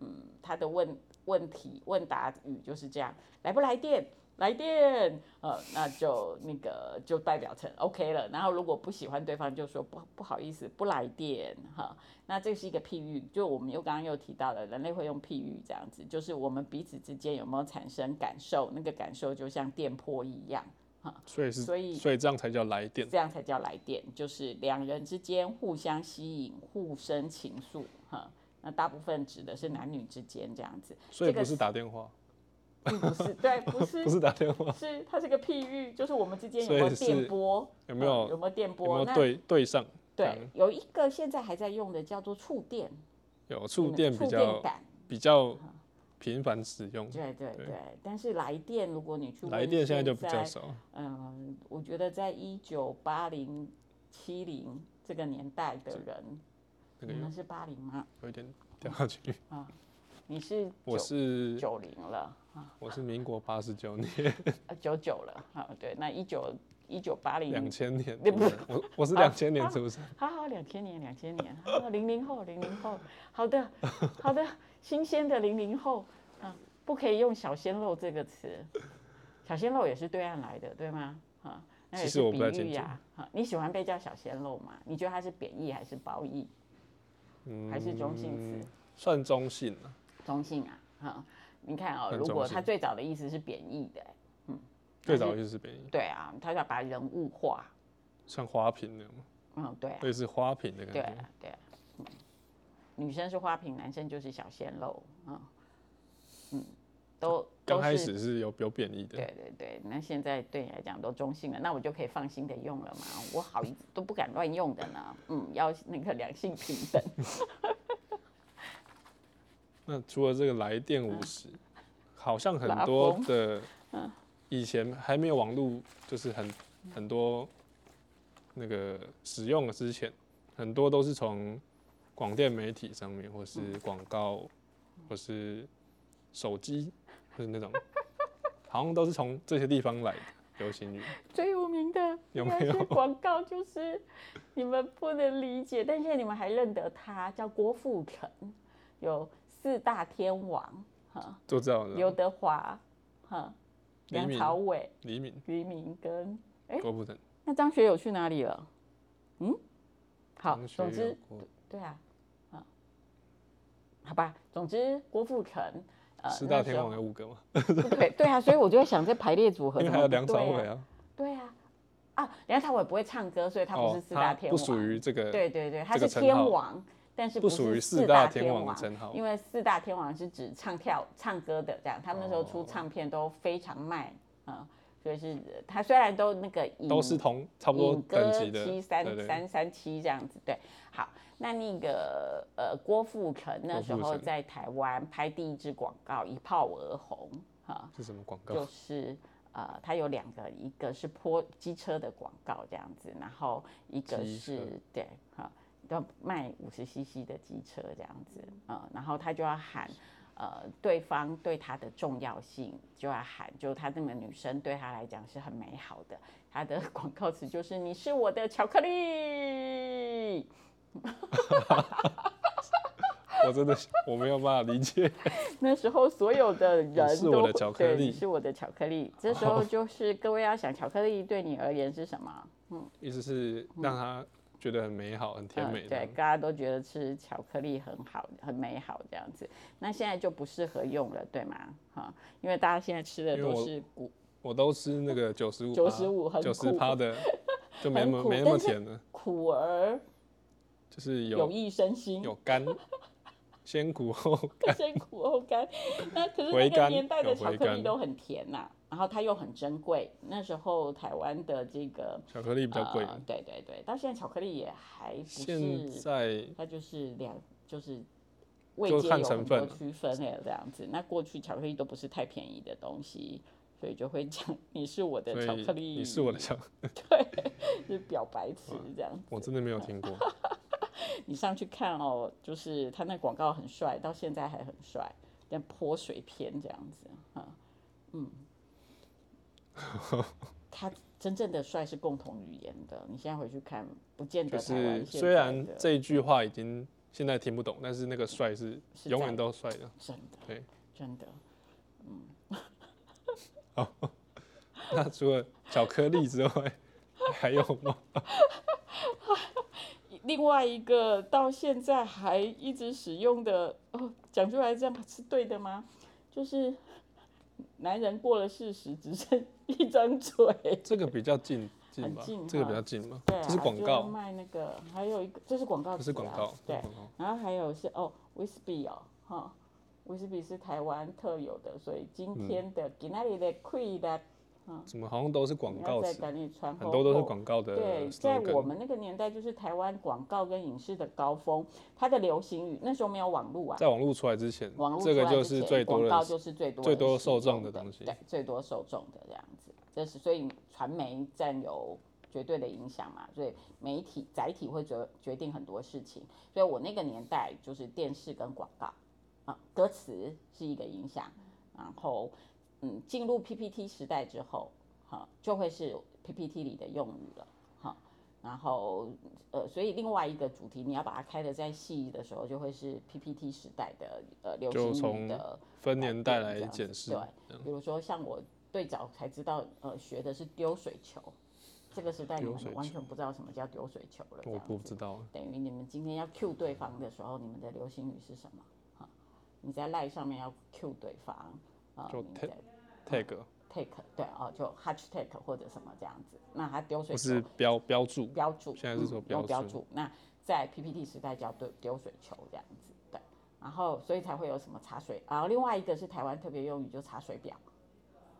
嗯，它的問問題問答語就是這樣，來不來電？來電，呃，那就那個就代表成 OK 了。然後如果不喜歡對方，就說不不好意思，不來電哈。那這是一個譬喻，就我們又剛剛又提到了，人類會用譬喻這樣子，就是我們彼此之間有沒有產生感受，那個感受就像電波一樣哈。所以是，所以所以這樣才叫來電，這樣才叫來電，就是兩人之間互相吸引，互生情愫哈。那大部分指的是男女之間這樣子，嗯，所以不是打電話。並不是，對，不是，不是打電話，是它是個譬喻，就是我們之間有沒有電波，有沒有有沒有電波，那對對上，對，有一個現在還在用的叫做觸電，有觸電比較比較頻繁使用，對對對，但是來電，如果你去來電現在就比較少，嗯，我覺得在一九八零七零這個年代的人，那可能是八零嗎？有一點掉下去啊，你是我是九零了。啊、我是民國八十九年，九九、啊 [LAUGHS] 啊、了啊，對，那一九一九八零兩千年，嗯、不是我，我我是兩千年、啊、是不是、啊？好好，兩千年兩千年，零零、啊、後零零後，好的好的， [LAUGHS] 新鮮的零零後、啊、不可以用“小鮮肉”這個詞，“小鮮肉”也是對岸來的，對嗎？啊，那也是比喻呀、啊啊。你喜歡被叫“小鮮肉”嗎？你覺得它是貶義還是褒義？嗯，還是中性詞？算中性中性啊，哈、啊。啊你看啊、哦，如果他最早的意思是貶義的、欸，嗯，最早的意思是貶義。對啊，他要把人物化，像花瓶那樣。嗯，對、啊，類似花瓶的感覺。對、啊、對、啊、嗯，女生是花瓶，男生就是小鮮肉，嗯，嗯，都剛開始是有比較貶義的。對對對，那現在對你來講都中性了，那我就可以放心的用了嘛？我好都不敢亂用的呢， [LAUGHS] 嗯，要那個兩性平等。 [LAUGHS] 那除了這個來電五十，嗯、好像很多的以前還沒有網絡，就是很、嗯、很多那個使用的之前，很多都是從廣電媒體上面，或是廣告，嗯、或是手機，或、嗯、是那種， [LAUGHS] 好像都是從這些地方來流行語。有最有名的有沒有廣告？就是你們不能理解， [LAUGHS] 但現在你們還認得他叫郭富城，有。四大天王，哈，都知道的。劉德華，哈，梁朝偉、黎明、黎明跟郭富城。那張學友去哪裡了？嗯，好，總之，對啊，啊，好吧，總之，郭富城。呃，四大天王有五個嗎？對對啊，所以我就在想這排列組合，你還有梁朝偉啊。對啊，啊，梁朝偉不會唱歌，所以他不是四大天王，不屬於這個。對對對，他是天王。但是不屬於四大天王，天王真好，因為四大天王是指唱跳唱歌的這樣，他們那時候出唱片都非常賣、哦嗯、所以是他雖然都那個影都是同差不多等級的七三三三七這樣子，對，好，那那個呃郭富城那時候在台灣拍第一支廣告一炮而紅、嗯、是什麼廣告？就是呃，他有兩個，一個是破機車的廣告這樣子，然後一個是機車？對，嗯都賣五十 CC 的機車這樣子，嗯呃，然後他就要喊，呃，對方對他的重要性就要喊，就他那個女生對他來講是很美好的。他的廣告詞就是“你是我的巧克力” [LAUGHS] 。 [LAUGHS] 我真的我沒有辦法理解。 [LAUGHS] 那時候所有的人都是我的巧克力，你是我的巧克力。 [LAUGHS] 這時候就是各位要想巧克力對你而言是什麼？嗯，意思是讓他。嗯覺得很美好，很甜美的、嗯。對，大家都覺得吃巧克力很好，很美好這樣子。那現在就不適合用了，對嗎？因為大家現在吃的都是古，我，我都吃那個九十五，九十五很苦的，就沒什麼 [LAUGHS] 苦沒那麼甜了。苦而就是有益身心，有甘，先苦後甘， [LAUGHS] 先苦後甘。那、 [LAUGHS] 啊、可是那個年代的巧克力都很甜吶、啊。然後它又很珍貴，那時候台灣的這個巧克力比較貴嘛、呃，對對對，到現在巧克力也還不是。現在它就是兩就是未接有很多區分類了這樣子，那過去巧克力都不是太便宜的東西，所以就會講你是我的巧克力，你是我的巧克力， [LAUGHS] 對，是表白詞這樣子。我真的沒有聽過。嗯、 [LAUGHS] 你上去看哦，就是他那廣告很帥，到現在還很帥，但潑水片這樣子，嗯。 [LAUGHS] 他真正的帥是共同語言的。你現在回去看，不見得台灣現在的。雖然這一句話已經現在聽不懂，但是那個帥是永遠都帥的。真的。對，Okay. 真的。嗯。 [LAUGHS] 那除了巧克力之外， [LAUGHS] 還有嗎？ [LAUGHS] 另外一個到現在還一直使用的哦，講出來這樣是對的嗎？就是男人過了四十，只剩。一張張嘴，這個比較近，近很近，喔、這個比較近嘛。對、啊，這是廣告。賣那個，還有一個，這是廣告、啊、告。這是廣告，對。嗯嗯嗯、然後還有是哦，維士比哦，哈、喔，維士比是台灣特有的，所以今天的、嗯、今天的 quee 的。怎麼好像都是廣告？很多都是廣告的。對，Still 在我們那個年代，就是台灣廣告跟影視的高峰，它的流行語，那時候沒有網絡啊，在網絡出來之前，網路出來之前，這個就是最多的，欸，廣告，就是最多最多受眾的東西，對，最多受眾的這樣子，這是所以傳媒佔有絕對的影響嘛，所以媒體載體會決決定很多事情。所以我那個年代就是電視跟廣告啊，歌詞是一個影響，然後。嗯，進入 PPT 時代之後，好、啊，就會是 PPT 裡的用語了，好、啊，然後呃，所以另外一個主題，你要把它開的再細的時候，就會是 PPT 時代的呃流行語的就分年代來解釋、啊。對，比如說像我最早才知道，呃，學的是丟水球，這個時代你們完全不知道什麼叫丟水球了這樣子。我不知道。等於你們今天要 Q 對方的時候，你們的流行語是什麼？你在賴上面要 Q 對方啊，你在。啊就你在 tag、嗯、take 對哦，就 hashtag 或者什麼這樣子，那它丟水是標標註標註，嗯、現在是說標註、嗯。那在 PPT 時代叫丟丟水球這樣子，對。然後所以才會有什麼查水，然、啊、後另外一個是台灣特別用語就查水表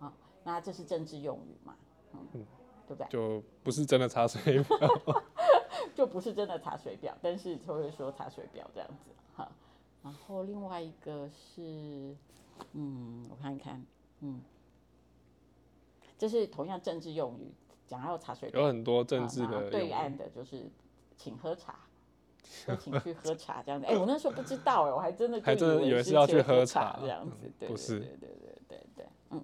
啊，那這是政治用語嘛，嗯，嗯對不對？就不是真的查水 [LAUGHS] 就不是真的查水表， [LAUGHS] 但是就會說查水表這樣子哈、啊。然後另外一個是，嗯，我看一看，嗯。就是同樣政治用語，講還有茶水。有很多政治的、啊、對岸的，就是請喝茶，就 [LAUGHS] 請去喝茶這樣子。哎、欸，我那時候不知道哎、欸，我還真的就以為是要去喝茶這樣子。樣子嗯、不是，對對對對對，對嗯，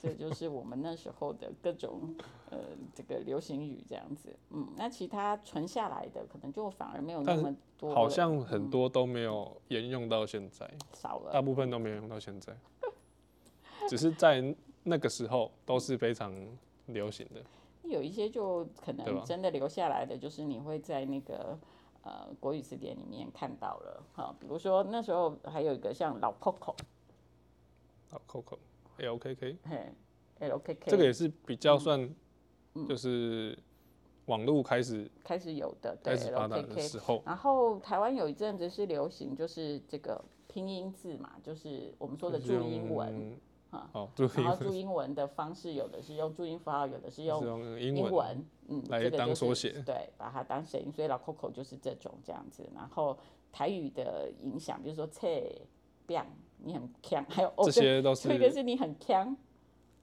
這 [LAUGHS] 就是我們那時候的各種、呃、這個流行語這樣子。嗯，那其他存下來的可能就反而沒有那麼多，好像很多都沒有沿用到現在，嗯、少了，大部分都沒有用到現在，嗯、 [LAUGHS] 只是在。那個時候都是非常流行的，有一些就可能真的留下來的吧，就是你會在那個呃國語詞典裡面看到了，哈，比如說那時候還有一個像老 Coco，老 Coco，LKK，嘿，LKK，這個也是比較算就是網絡開始、嗯嗯、開始有的，對，開始發達的時候。LKK、然後台灣有一陣子是流行就是這個拼音字嘛，就是我們說的注音文。嗯、哦，然後注音文的方式，有的是用注音符號，有的是用英文，就是英文嗯，來當縮寫，對，把它當聲音，所以老 Coco 就是這種這樣子，然後台語的影響，比如說切 b 你很強，還有，這些都是、哦，這個是你很強，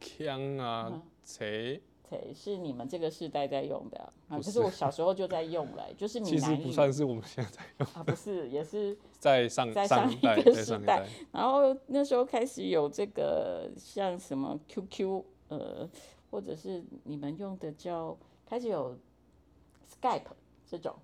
強啊，切、嗯。是，你們這個時代在用的啊。不是啊，可是我小時候就在用了，欸，就是你。其實不算是我們現在在用的啊，不是，也是在上在上一個時代。上代、上代，然後那時候開始有這個像什麼 QQ 呃，或者是你們用的叫開始有 Skype 這種。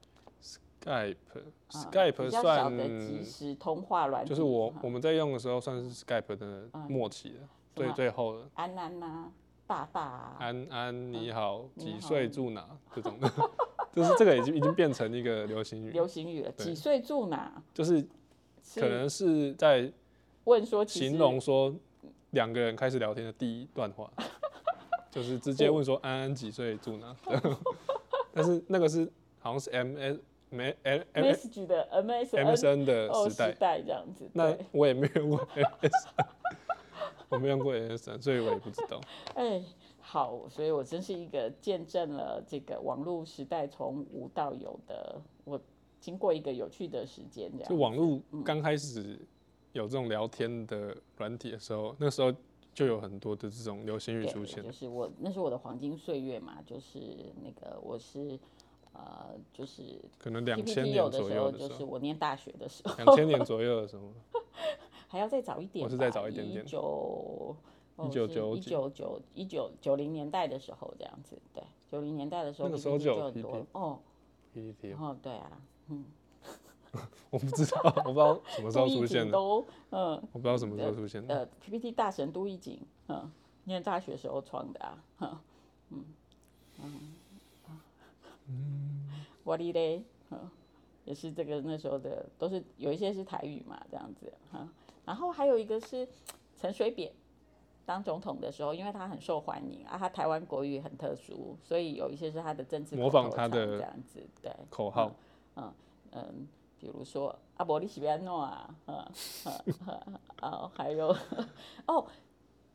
Skype，Skype 比較小的即時通話軟件。就是我、嗯、我們在用的時候，算是 Skype 的末期了，對、嗯，最最後的。安安吶。爸爸，大大啊、安安你好，嗯、你好幾歲住哪？好這種的， [LAUGHS] 就是這個已經已經變成一個流行語，流行語了。對幾歲住哪？就是可能是在問說，形容說兩個人開始聊天的第一段話，是就是直接問說安安幾歲住哪？我 但是那個是好像是 M S 沒 M S G 的 M S M S N 的時代，嗯、時代這樣子，那我也沒有問 M S N、啊。 [LAUGHS] 我沒用過 MSN，、啊、所以我也不知道。哎 [LAUGHS] 欸，好，所以我真是一個見證了這個網絡時代從無到有的，我經過一個有趣的時間。這樣，就網絡剛開始有這種聊天的軟體的時候，嗯、那時候就有很多的這種流行語出現。就是我那是我的黃金歲月嘛，就是那個我是呃，就是可能兩千年左右的時候，就是我念大學的時候。兩千年左右的時候。 [LAUGHS] 還要再早一點，我是在早一點點，一九一九九一九九一九九零年代的時候這樣子，對，九零年代的時候就，那個時候就很多哦，PPT，哦，後、哦、對啊，嗯， [LAUGHS] [LAUGHS] 我不知道，我不知道什麼時候出現的， [LAUGHS] 都，嗯，我不知道什麼時候出現呃，呃，PPT 大神都已經，嗯，念大學的時候創的啊，嗯，嗯，嗯，嗯，我哩嘞，嗯。也是這個那時候的，都是有一些是台語嘛，這樣子哈、嗯。然後還有一個是陳水扁當總統的時候，因為他很受歡迎啊，他台灣國語很特殊，所以有一些是他的政治口口模仿他的這樣子對口號，嗯嗯，嗯，比如說阿伯利是變諾啊啊啊啊，還有哦。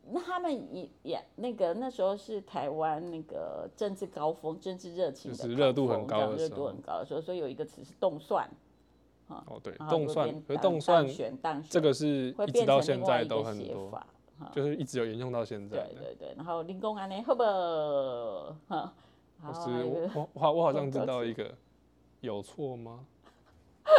那他們也也那個那時候是台灣那個政治高峰，政治熱情是熱度很高，熱度很高的時候，所以有一個詞是凍蒜，哦對，凍蒜凍蒜旋蕩，這個是一直到現在都很多，就是一直有沿用到現在。對對對，然後林公安呢，好不好？哈，好，我我好像知道一個，有錯嗎？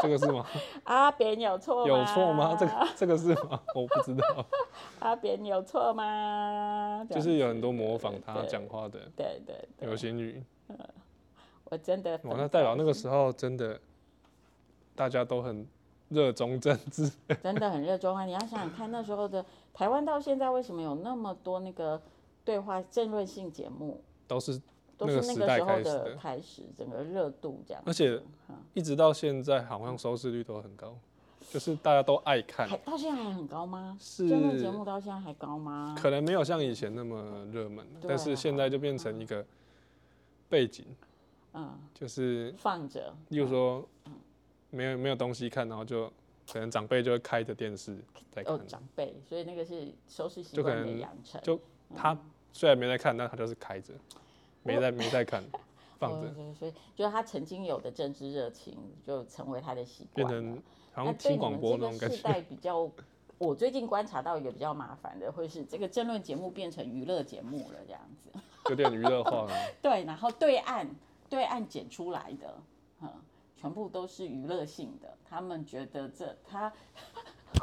這個是嗎？ [LAUGHS] 阿扁有錯嗎？有錯嗎？這個這個是嗎？我不知道。 [LAUGHS] 阿扁有錯嗎？就是有很多模仿他講話的，對,對對對，流行語。我真的很。哇，那代表那個時候真的，大家都很熱衷政治， [LAUGHS] 真的很熱衷啊！你要想想看，那時候的台灣到現在為什麼有那麼多那個對話政論性節目？都是。那個那個時候的開始，整個熱度這樣，而且一直到現在，好像收視率都很高，就是大家都愛看。還到現在還很高嗎？是，真的節目到現在還高嗎？可能沒有像以前那麼熱門，但是現在就變成一個背景，嗯，就是放着。例如說，沒有沒有東西看，然後就可能長輩就會開着電視在看。長輩，所以那個是收視習慣的養成。就他雖然沒在看，但他就是開着。沒在沒在看，所以就是他曾經有的政治熱情，就成為他的習慣。變成好像聽廣播那種感覺。那對我們這個世代比較，我最近觀察到一個比較麻煩的，會是這個政論節目變成娛樂節目了，這樣子。有點娛樂化了、啊。 [LAUGHS] 對，然後對岸對岸剪出來的，全部都是娛樂性的。他們覺得這他，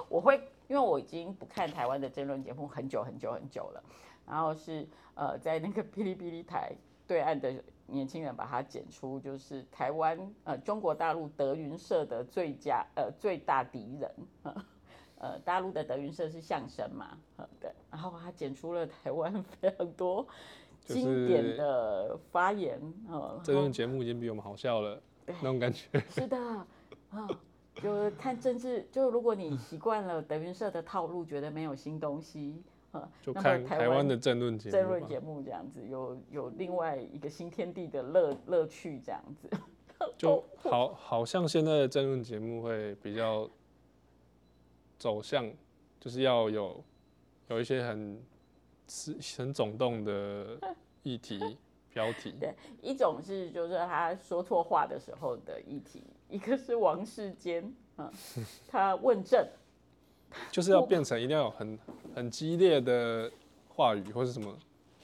我會因為我已經不看台灣的政論節目很久很久很久了。然後是呃，在那個嗶哩嗶哩台。對岸的年輕人把它剪出，就是台灣呃，中國大陸德雲社的最佳呃最大敵人呵呵，呃，大陸的德雲社是相聲嘛，對，然後他剪出了台灣非常多經典的發言，就是、呵這種節目已經比我們好笑了，哦、對那種感覺。是的，啊，就看政治，就如果你習慣了德雲社的套路， [LAUGHS] 覺得沒有新東西。就看台灣的政論節目，政論節目這樣子，有有另外一個新天地的樂樂趣這樣子。就好好像現在的政論節目會比較走向，就是要有有一些很是很聳動的議題、標題。對，一種是就是說他說錯話的時候的議題，一個是王世堅，嗯，他問政。就是要變成一定要有很我很激烈的話語或者什麼，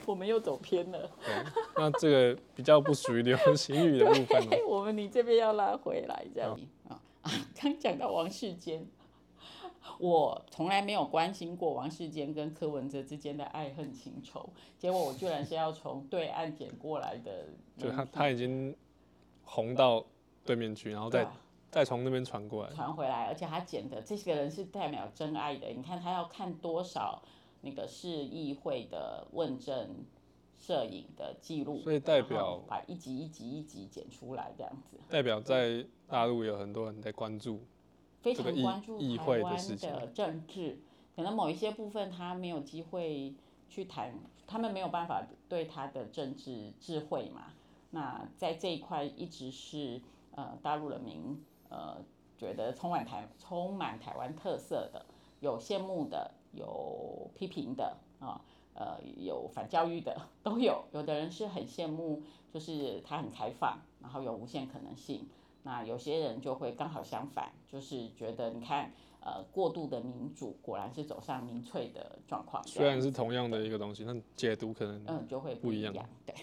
我們又走偏了。對，那這個比較不屬於流行語的部分哦。我們你這邊要拉回來這樣子啊。剛講到王世堅，我從來沒有關心過王世堅跟柯文哲之間的愛恨情仇，結果我居然是要從對岸撿過來的。 [LAUGHS] 就他他已經紅到對面去，然後再、 [LAUGHS] 啊。再從那邊傳過來，傳回來，而且他剪的這些人是代表真愛的。你看他要看多少那個市議會的問政攝影的記錄，所以代表把一集一集一集剪出來這樣子，代表在大陸有很多人在關注，非常關注台灣的政治。事情。可能某一些部分他沒有機會去談，他們沒有辦法對他的政治智慧嘛。那在這一塊一直是呃大陸人民。呃，覺得充滿台充滿台灣特色的，有羨慕的，有批評的啊，呃，有反教育的都有。有的人是很羨慕，就是他很開放，然後有無限可能性。那有些人就會剛好相反，就是覺得你看，呃，過度的民主果然是走上民粹的狀況。雖然是同樣的一個東西，對但解讀可能嗯就會不一樣。對。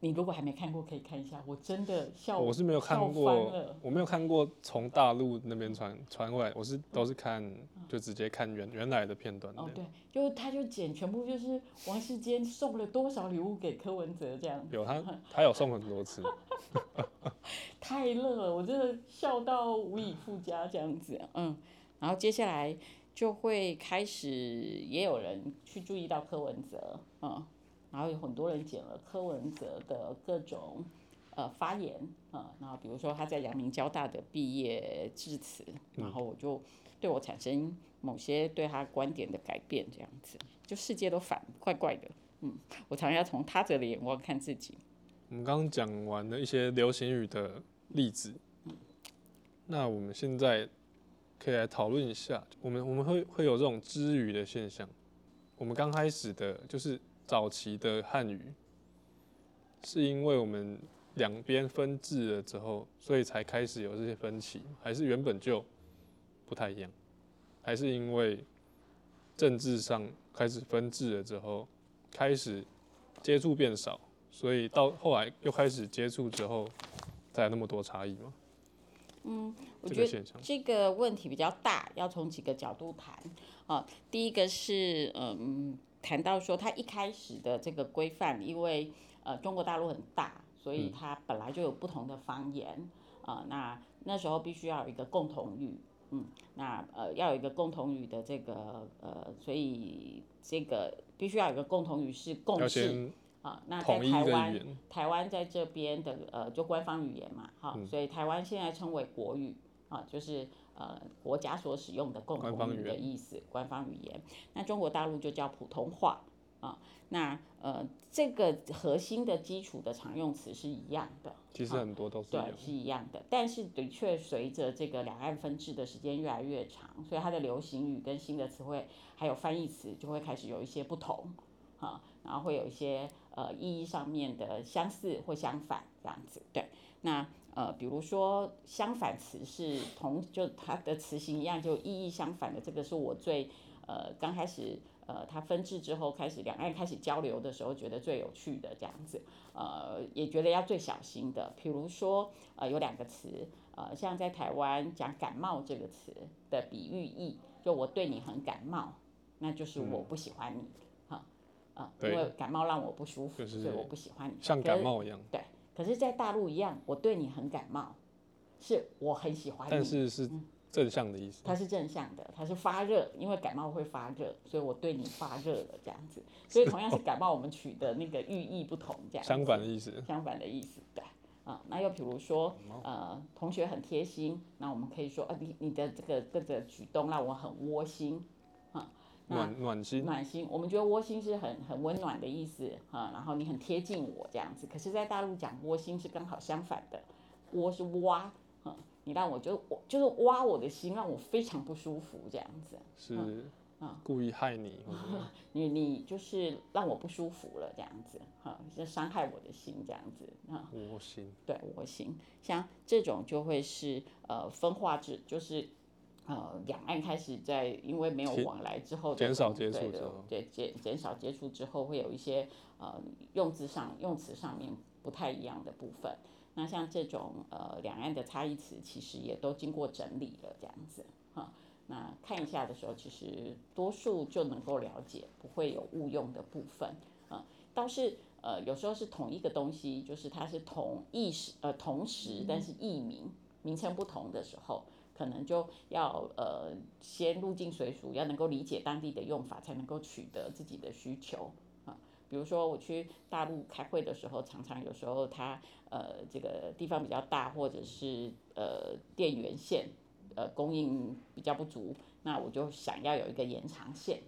你如果還沒看過，可以看一下，我真的笑，哦、我是沒有看過，我沒有看過從大陸那邊傳傳過來，我是都是看、嗯、就直接看原、嗯、原來的片段。哦，對，就他就剪全部就是王世堅送了多少禮物給柯文哲這樣子。有他，他有送很多次。 [LAUGHS] [LAUGHS] 太樂了，我真的笑到無以復加這樣子，嗯，然後接下來就會開始也有人去注意到柯文哲，嗯。然後有很多人剪了柯文哲的各種呃發言呃、嗯，然後比如說他在陽明交大的畢業致辭，然後我就對我產生某些對他觀點的改變，這樣子，就世界都反怪怪的。嗯，我常常要從他者的眼光看自己。我們剛剛講完了一些流行語的例子，嗯、那我們現在可以來討論一下，我們我們會會有這種支語的現象。我們剛開始的就是。早期的漢語，是因為我們兩邊分治了之後，所以才開始有這些分歧，還是原本就不太一樣，還是因為政治上開始分治了之後，開始接觸變少，所以到後來又開始接觸之後，才有那麼多差異嗎？嗯，我覺得這個問題比較大，要從幾個角度談啊。第一個是嗯。談到說，他一開始的這個規範，因為呃中國大陸很大，所以它本來就有不同的方言、嗯、呃，那那時候必須要有一個共同語，嗯，那呃要有一個共同語的這個呃，所以這個必須要有一個共同語是共識啊、呃。那在台灣，台灣在這邊的呃就官方語言嘛，哈，嗯、所以台灣現在稱為國語啊、呃，就是。呃，國家所使用的共同語的意思，官方，官方語言。那中國大陸就叫普通話啊。那呃，這個核心的基礎的常用詞是一樣的，其實很多都是、啊、對，是一樣的。但是的確，隨着這個兩岸分治的時間越來越長，所以它的流行語、跟新的詞彙，還有翻譯詞，就會開始有一些不同啊。然後會有一些呃，意義上面的相似或相反這樣子。對，那。呃，比如說相反詞是同，就它的詞形一樣，就意義相反的。這個是我最呃剛開始呃，它分治之後開始兩岸開始交流的時候，覺得最有趣的這樣子。呃，也覺得要最小心的。比如說呃，有兩個詞呃，像在台灣講“感冒”這個詞的比喻義，就我對你很感冒，那就是我不喜歡你。哈、嗯，啊，呃、對因為感冒讓我不舒服，就是、所以我不喜歡你，像感冒一樣。對。可是，在大陸一樣，我對你很感冒，是我很喜歡你。但是是正向的意思、嗯。它是正向的，它是發熱，因為感冒會發熱，所以我對你發熱了這樣子。所以同樣是感冒，我們取的那個寓意不同，這樣。相反的意思。相反的意思，對。啊，那又比如說，呃，同學很貼心，那我們可以說，呃、啊，你你的這個這個舉動讓我很窩心。暖暖心，暖心。我們覺得窩心是很很溫暖的意思，哈、嗯。然後你很貼近我這樣子。可是，在大陸講窩心是剛好相反的，窩是挖，哈、嗯。你讓我就我就是挖我的心，讓我非常不舒服這樣子。嗯、是啊，故意害你、嗯，你你就是讓我不舒服了這樣子，哈、嗯，就傷害我的心這樣子，哈、嗯。窩心，對，窩心。像這種就會是呃分化質，就是。呃，兩岸開始在因為沒有往來之後，減少接觸之後，對，減減少接觸之後，會有一些呃用字上、用詞上面不太一樣的部分。那像這種呃兩岸的差異詞，其實也都經過整理了，這樣子哈。那看一下的時候，其實多數就能夠了解，不會有誤用的部分。嗯、呃，倒是呃有時候是同一個東西，就是它是同意時呃同時，但是異名、嗯、名稱不同的時候。可能就要呃先入境隨俗，要能夠理解當地的用法，才能夠取得自己的需求啊。比如說我去大陸開會的時候，常常有時候它，呃，這個地方比較大，或者是呃電源線呃供應比較不足，那我就想要有一個延長線。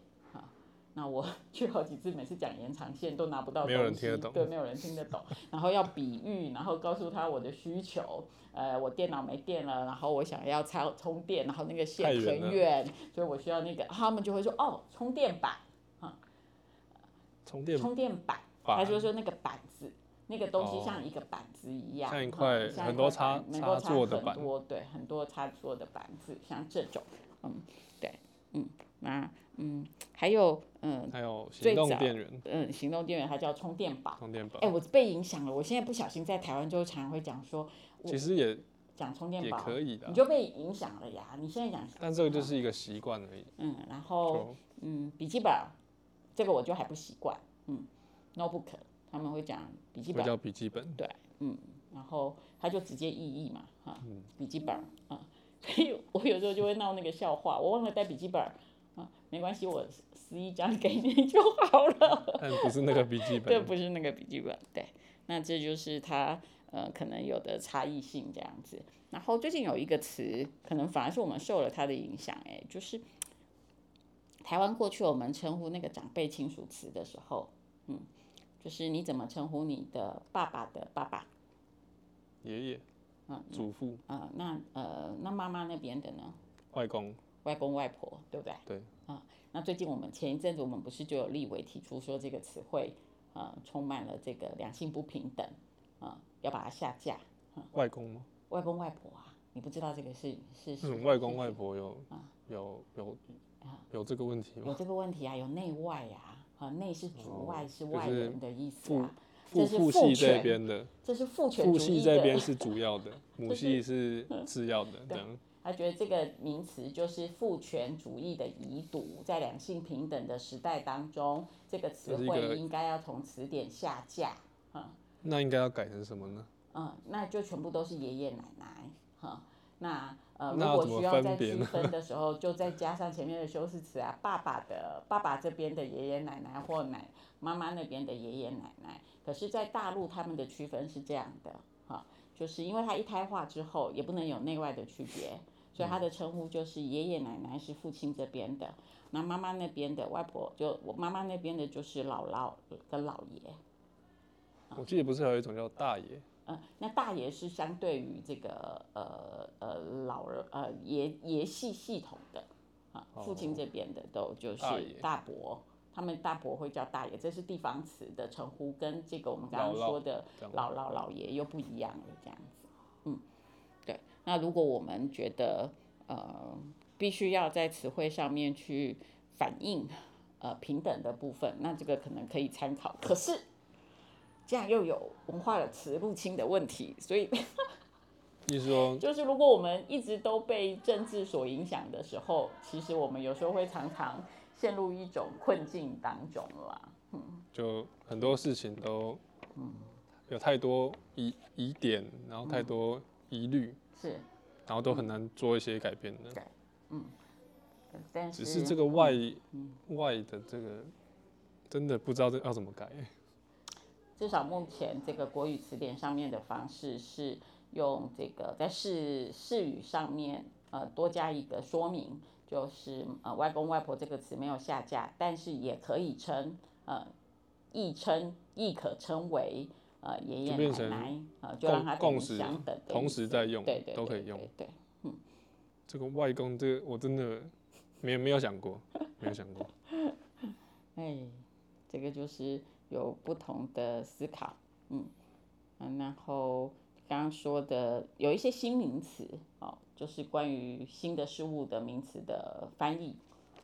那我去好幾次，每次講延長線都拿不到東西，沒人聽得懂。對，沒有人聽得懂。 [LAUGHS] 然後要比喻，然後告訴他我的需求，呃，我電腦沒電了，然後我想要插充電，然後那個線很遠，所以我需要那個。他們就會說哦，充電板，充電板、嗯、充電充電板，他就說那個板子，哦、那個東西像一個板子一樣，像一塊很多插插座的板，很多對，很多插座的板子，像這種，嗯，對，嗯，那嗯，還有。嗯，還有行動電源，嗯，行動電源它叫充電寶，充電寶，哎、欸，我被影響了，我現在不小心在台灣就常常會講說，我其實也講充電寶可以的、啊，你就被影響了呀，你現在講，但這個就是一個習慣而已，嗯，然後就嗯，筆記本，這個我就還不習慣，嗯，notebook，他們會講筆記本，叫筆記本，對，嗯，然後它就直接意譯嘛，哈，筆、嗯、記本，啊，所以我有時候就會鬧那個笑話， [LAUGHS] 我忘了帶筆記本。沒關係，我撕一張給你就好了。啊、不是那個筆記本。對 [LAUGHS] 不是那個筆記本，對。那這就是它，呃，可能有的差異性這樣子。然後最近有一個詞，可能反而是我們受了他的影響哎、欸，就是台灣過去我們稱呼那個長輩親屬詞的時候，嗯，就是你怎麼稱呼你的爸爸的爸爸？爺爺爺。嗯。祖父。嗯，那呃，那媽媽、呃、那邊的呢？外公。外公外婆，對不對？對。啊、嗯，那最近我們前一陣子，我們不是就有立委提出說這個詞彙，呃，充滿了這個兩性不平等，啊、呃，要把它下架。呃、外公嗎？外公外婆啊，你不知道這個是是、嗯、外公外婆有、啊、有有有這個問題嗎？有這個問題啊，有內外啊，啊、呃、內是主，外、嗯就是、是外人的意思啊，這是父系這邊的，這是父權，父系這邊是主要的，母系是次要的對他覺得這個名詞就是父權主義的遺毒，在兩性平等的時代當中，這個詞彙應該要從詞典下架。哈，那應該要改成什麼呢？嗯，那就全部都是爺爺奶奶。哈，那呃，那我如果需要再區分的時候，就再加上前面的修飾詞啊，爸爸的爸爸這邊的爺爺奶奶，或奶媽媽那邊的爺爺奶奶。可是，在大陸他們的區分是這樣的，哈，就是因為他一胎化之後，也不能有內外的區別。所以他的稱呼就是爺爺奶奶是父親這邊的，那媽媽那邊的外婆，就我媽媽那邊的就是姥姥跟姥爺。我記得不是還有一種叫大爺？嗯，那大爺是相對於這個呃呃老人呃爺爺系系統的啊、嗯，父親這邊的都就是大伯，哦、大他們大伯會叫大爺，這是地方詞的稱呼，跟這個我們剛剛說的姥姥姥爺又不一樣了，這樣子。那如果我們覺得呃必須要在詞彙上面去反映呃平等的部分，那這個可能可以參考。可是這樣又有文化的詞入侵的問題，所以你說 [LAUGHS] 就是如果我們一直都被政治所影響的時候，其實我們有時候會常常陷入一種困境當中啦。嗯，就很多事情都嗯有太多疑點、嗯、疑點，然後太多疑慮。是，嗯、然後都很難做一些改變的。對，嗯，但是只是這個外、嗯嗯、外的這個，真的不知道這要怎麼改、欸。至少目前這個國語詞典上面的方式是用這個在釋、釋義上面呃多加一個說明，就是呃外公外婆這個詞沒有下架，但是也可以稱呃，亦稱亦可稱為。啊，爺爺奶奶，啊，就讓他共享，共時、同時在用，對對、對、對、對都可以用。對、對、對，嗯，這個外公，這個我真的沒有，沒沒有想過，沒有想過。 [LAUGHS] 哎，這個就是有不同的思考，嗯，然後剛剛說的有一些新名詞，哦，就是關於新的事物的名詞的翻譯，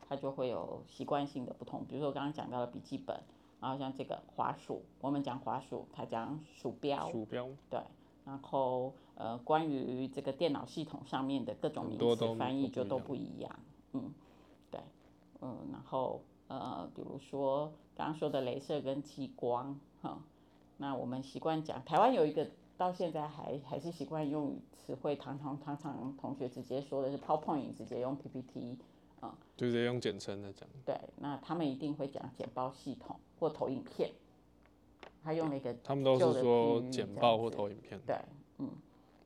它就會有習慣性的不同，比如說我剛剛講到的筆記本。然後像這個滑鼠，我們講滑鼠，它講鼠標，鼠標對。然後呃，關於這個電腦系統上面的各種名詞翻譯就都不一樣，嗯，對，嗯，然後呃，比如說剛剛說的雷射跟激光，哈，那我們習慣講，台灣有一個到現在還還是習慣用語詞彙，常常常常同學直接說的是 PowerPoint，直接用 PPT。就直接用簡稱的講，對，那他們一定會講簡報系統或投影片。他用了一個，他們都是說簡報或投影片。對，嗯，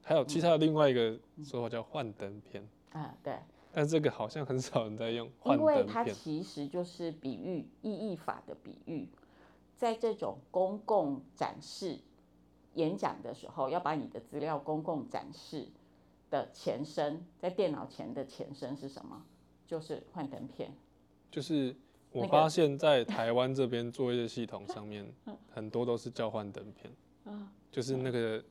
還有其他的另外一個說法叫幻燈片。啊、嗯，對、嗯。嗯、但這個好像很少人在用幻燈片，因為它其實就是比喻意義法的比喻，在這種公共展示演講的時候，要把你的資料公共展示的前身，在電腦前的前身是什麼？就是幻燈片，就是我發現在台灣這邊作業系統上面，很多都是叫幻燈片，就是那個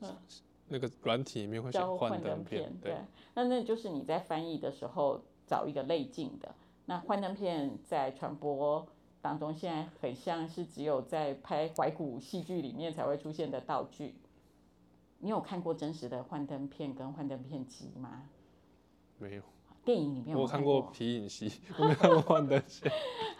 那個軟體裡面會叫幻燈片。對，那那就是你在翻譯的時候找一個類近的。那幻燈片在傳播當中，現在很像是只有在拍懷古戲劇裡面才會出現的道具。你有看過真實的幻燈片跟幻燈片機嗎？沒有。電影裡面有有，我看過皮影戲，我沒看過幻燈片。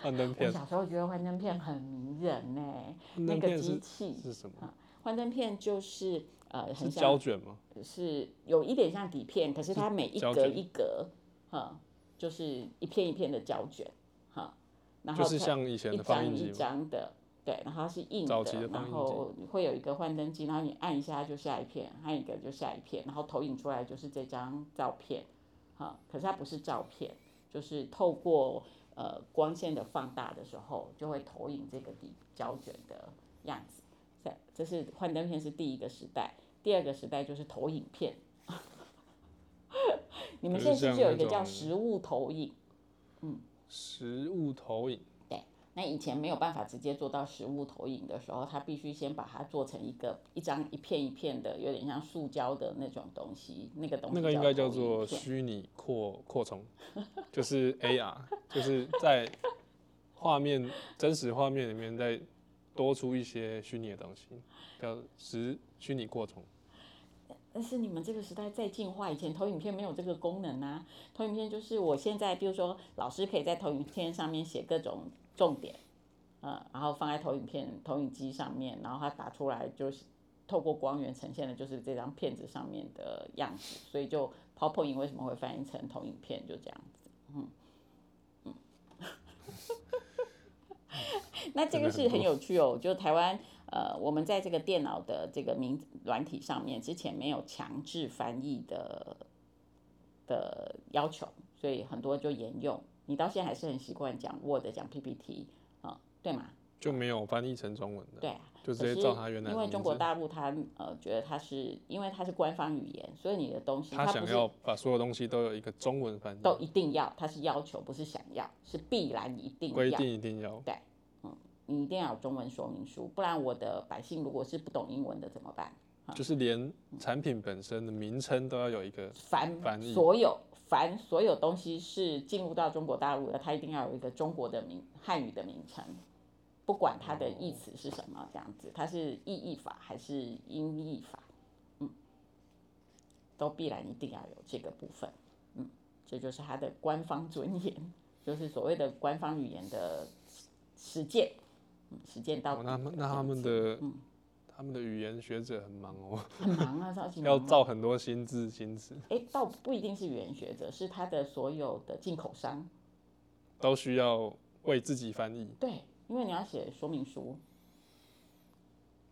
幻燈片，我小時候覺得幻燈片很迷人呢、欸。那個機器是，是什麼？幻燈、啊、片就是呃，很像膠卷嗎是？是有一點像底片，可是它每一格一格，哈卷，就是一片一片的膠卷，哈。然後就是像以前的一張一張的，對，然後它是硬的，的然後會有一個幻燈機，然後你按一下，它就下一片，按一個就下一片，然後投影出來就是這張照片。好、啊，可是它不是照片，就是透過呃光線的放大的時候，就會投影這個底膠卷的樣子。在，這是幻燈片是第一個時代，第二個時代就是投影片。 [LAUGHS] 你們現在是不是有一個叫實物投影？嗯，實物投影。那以前沒有辦法直接做到實物投影的時候，他必須先把它做成一個一張一片一片的，有點像塑膠的那種東西。那個東西那個應該叫做虛擬擴擴充，就是 AR， [LAUGHS] 就是在畫面 [LAUGHS] 真實畫面裡面再多出一些虛擬的東西，叫實虛擬擴充。但是你們這個時代在進化以前，投影片沒有這個功能啊。投影片就是我現在，比如說老師可以在投影片上面寫各種。重點，嗯，然後放在投影片投影機上面，然後它打出來就是透過光源呈現的，就是這張片子上面的樣子。所以就 PowerPoint 為什麼會翻譯成“投影片”，就這樣子，嗯嗯。 [LAUGHS] 那這個是很有趣哦，就台灣呃，我們在這個電腦的這個名軟體上面之前沒有強制翻譯的的要求，所以很多就沿用。你到現在還是很習慣講 Word、講 PPT，啊、嗯，對嘛？就沒有翻譯成中文的。對啊，就直接照他原來的。因為中國大陸他呃覺得他是因為他是官方語言，所以你的東西他想要把所有東西都有一個中文翻譯。都一定要，他是要求，不是想要，是必然一定。規定一定要。對，嗯，你一定要有中文說明書，不然我的百姓如果是不懂英文的怎麼辦？嗯、就是連產品本身的名稱都要有一個翻翻譯。所有。凡所有東西是進入到中國大陸的，它一定要有一個中國的名、漢語的名稱，不管它的意思是什麼，這樣子，它是意譯法還是音譯法，嗯，都必然一定要有這個部分，嗯，這就是它的官方尊嚴，就是所謂的官方語言的實踐，嗯，實踐到那那他們的嗯。他們的語言學者很忙哦，很忙啊，忙啊 [LAUGHS] 要造很多新字新詞。哎，倒不一定是語言學者，是他的所有的進口商都需要為自己翻譯。對，因為你要寫說明書，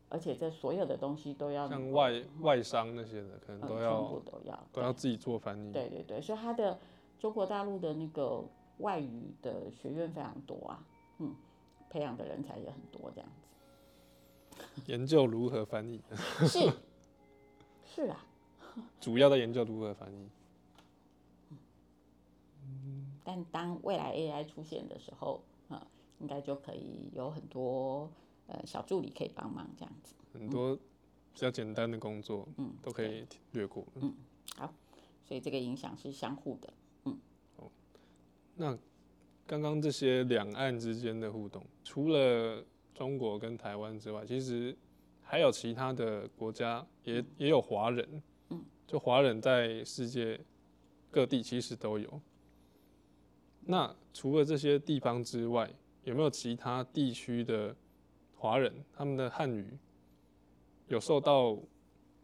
而且這所有的東西都要像外外商那些的，可能都要、嗯、全部都要都要自己做翻譯。對對對，所以他的中國大陸的那個外語的學院非常多啊，嗯，培養的人才也很多這樣研究如何翻譯？是是啊， [LAUGHS] 主要的研究如何翻譯、嗯。但當未來 AI 出現的時候，嗯、應該就可以有很多呃小助理可以幫忙這樣子，嗯、很多比較簡單的工作，都可以略過嗯。嗯，好，所以這個影響是相互的。嗯，哦，那剛剛這些兩岸之間的互動，除了。中國跟台灣之外，其實還有其他的國家也、嗯、也有華人，就華人在世界各地其實都有。嗯、那除了這些地方之外，有沒有其他地區的華人，他們的漢語有受到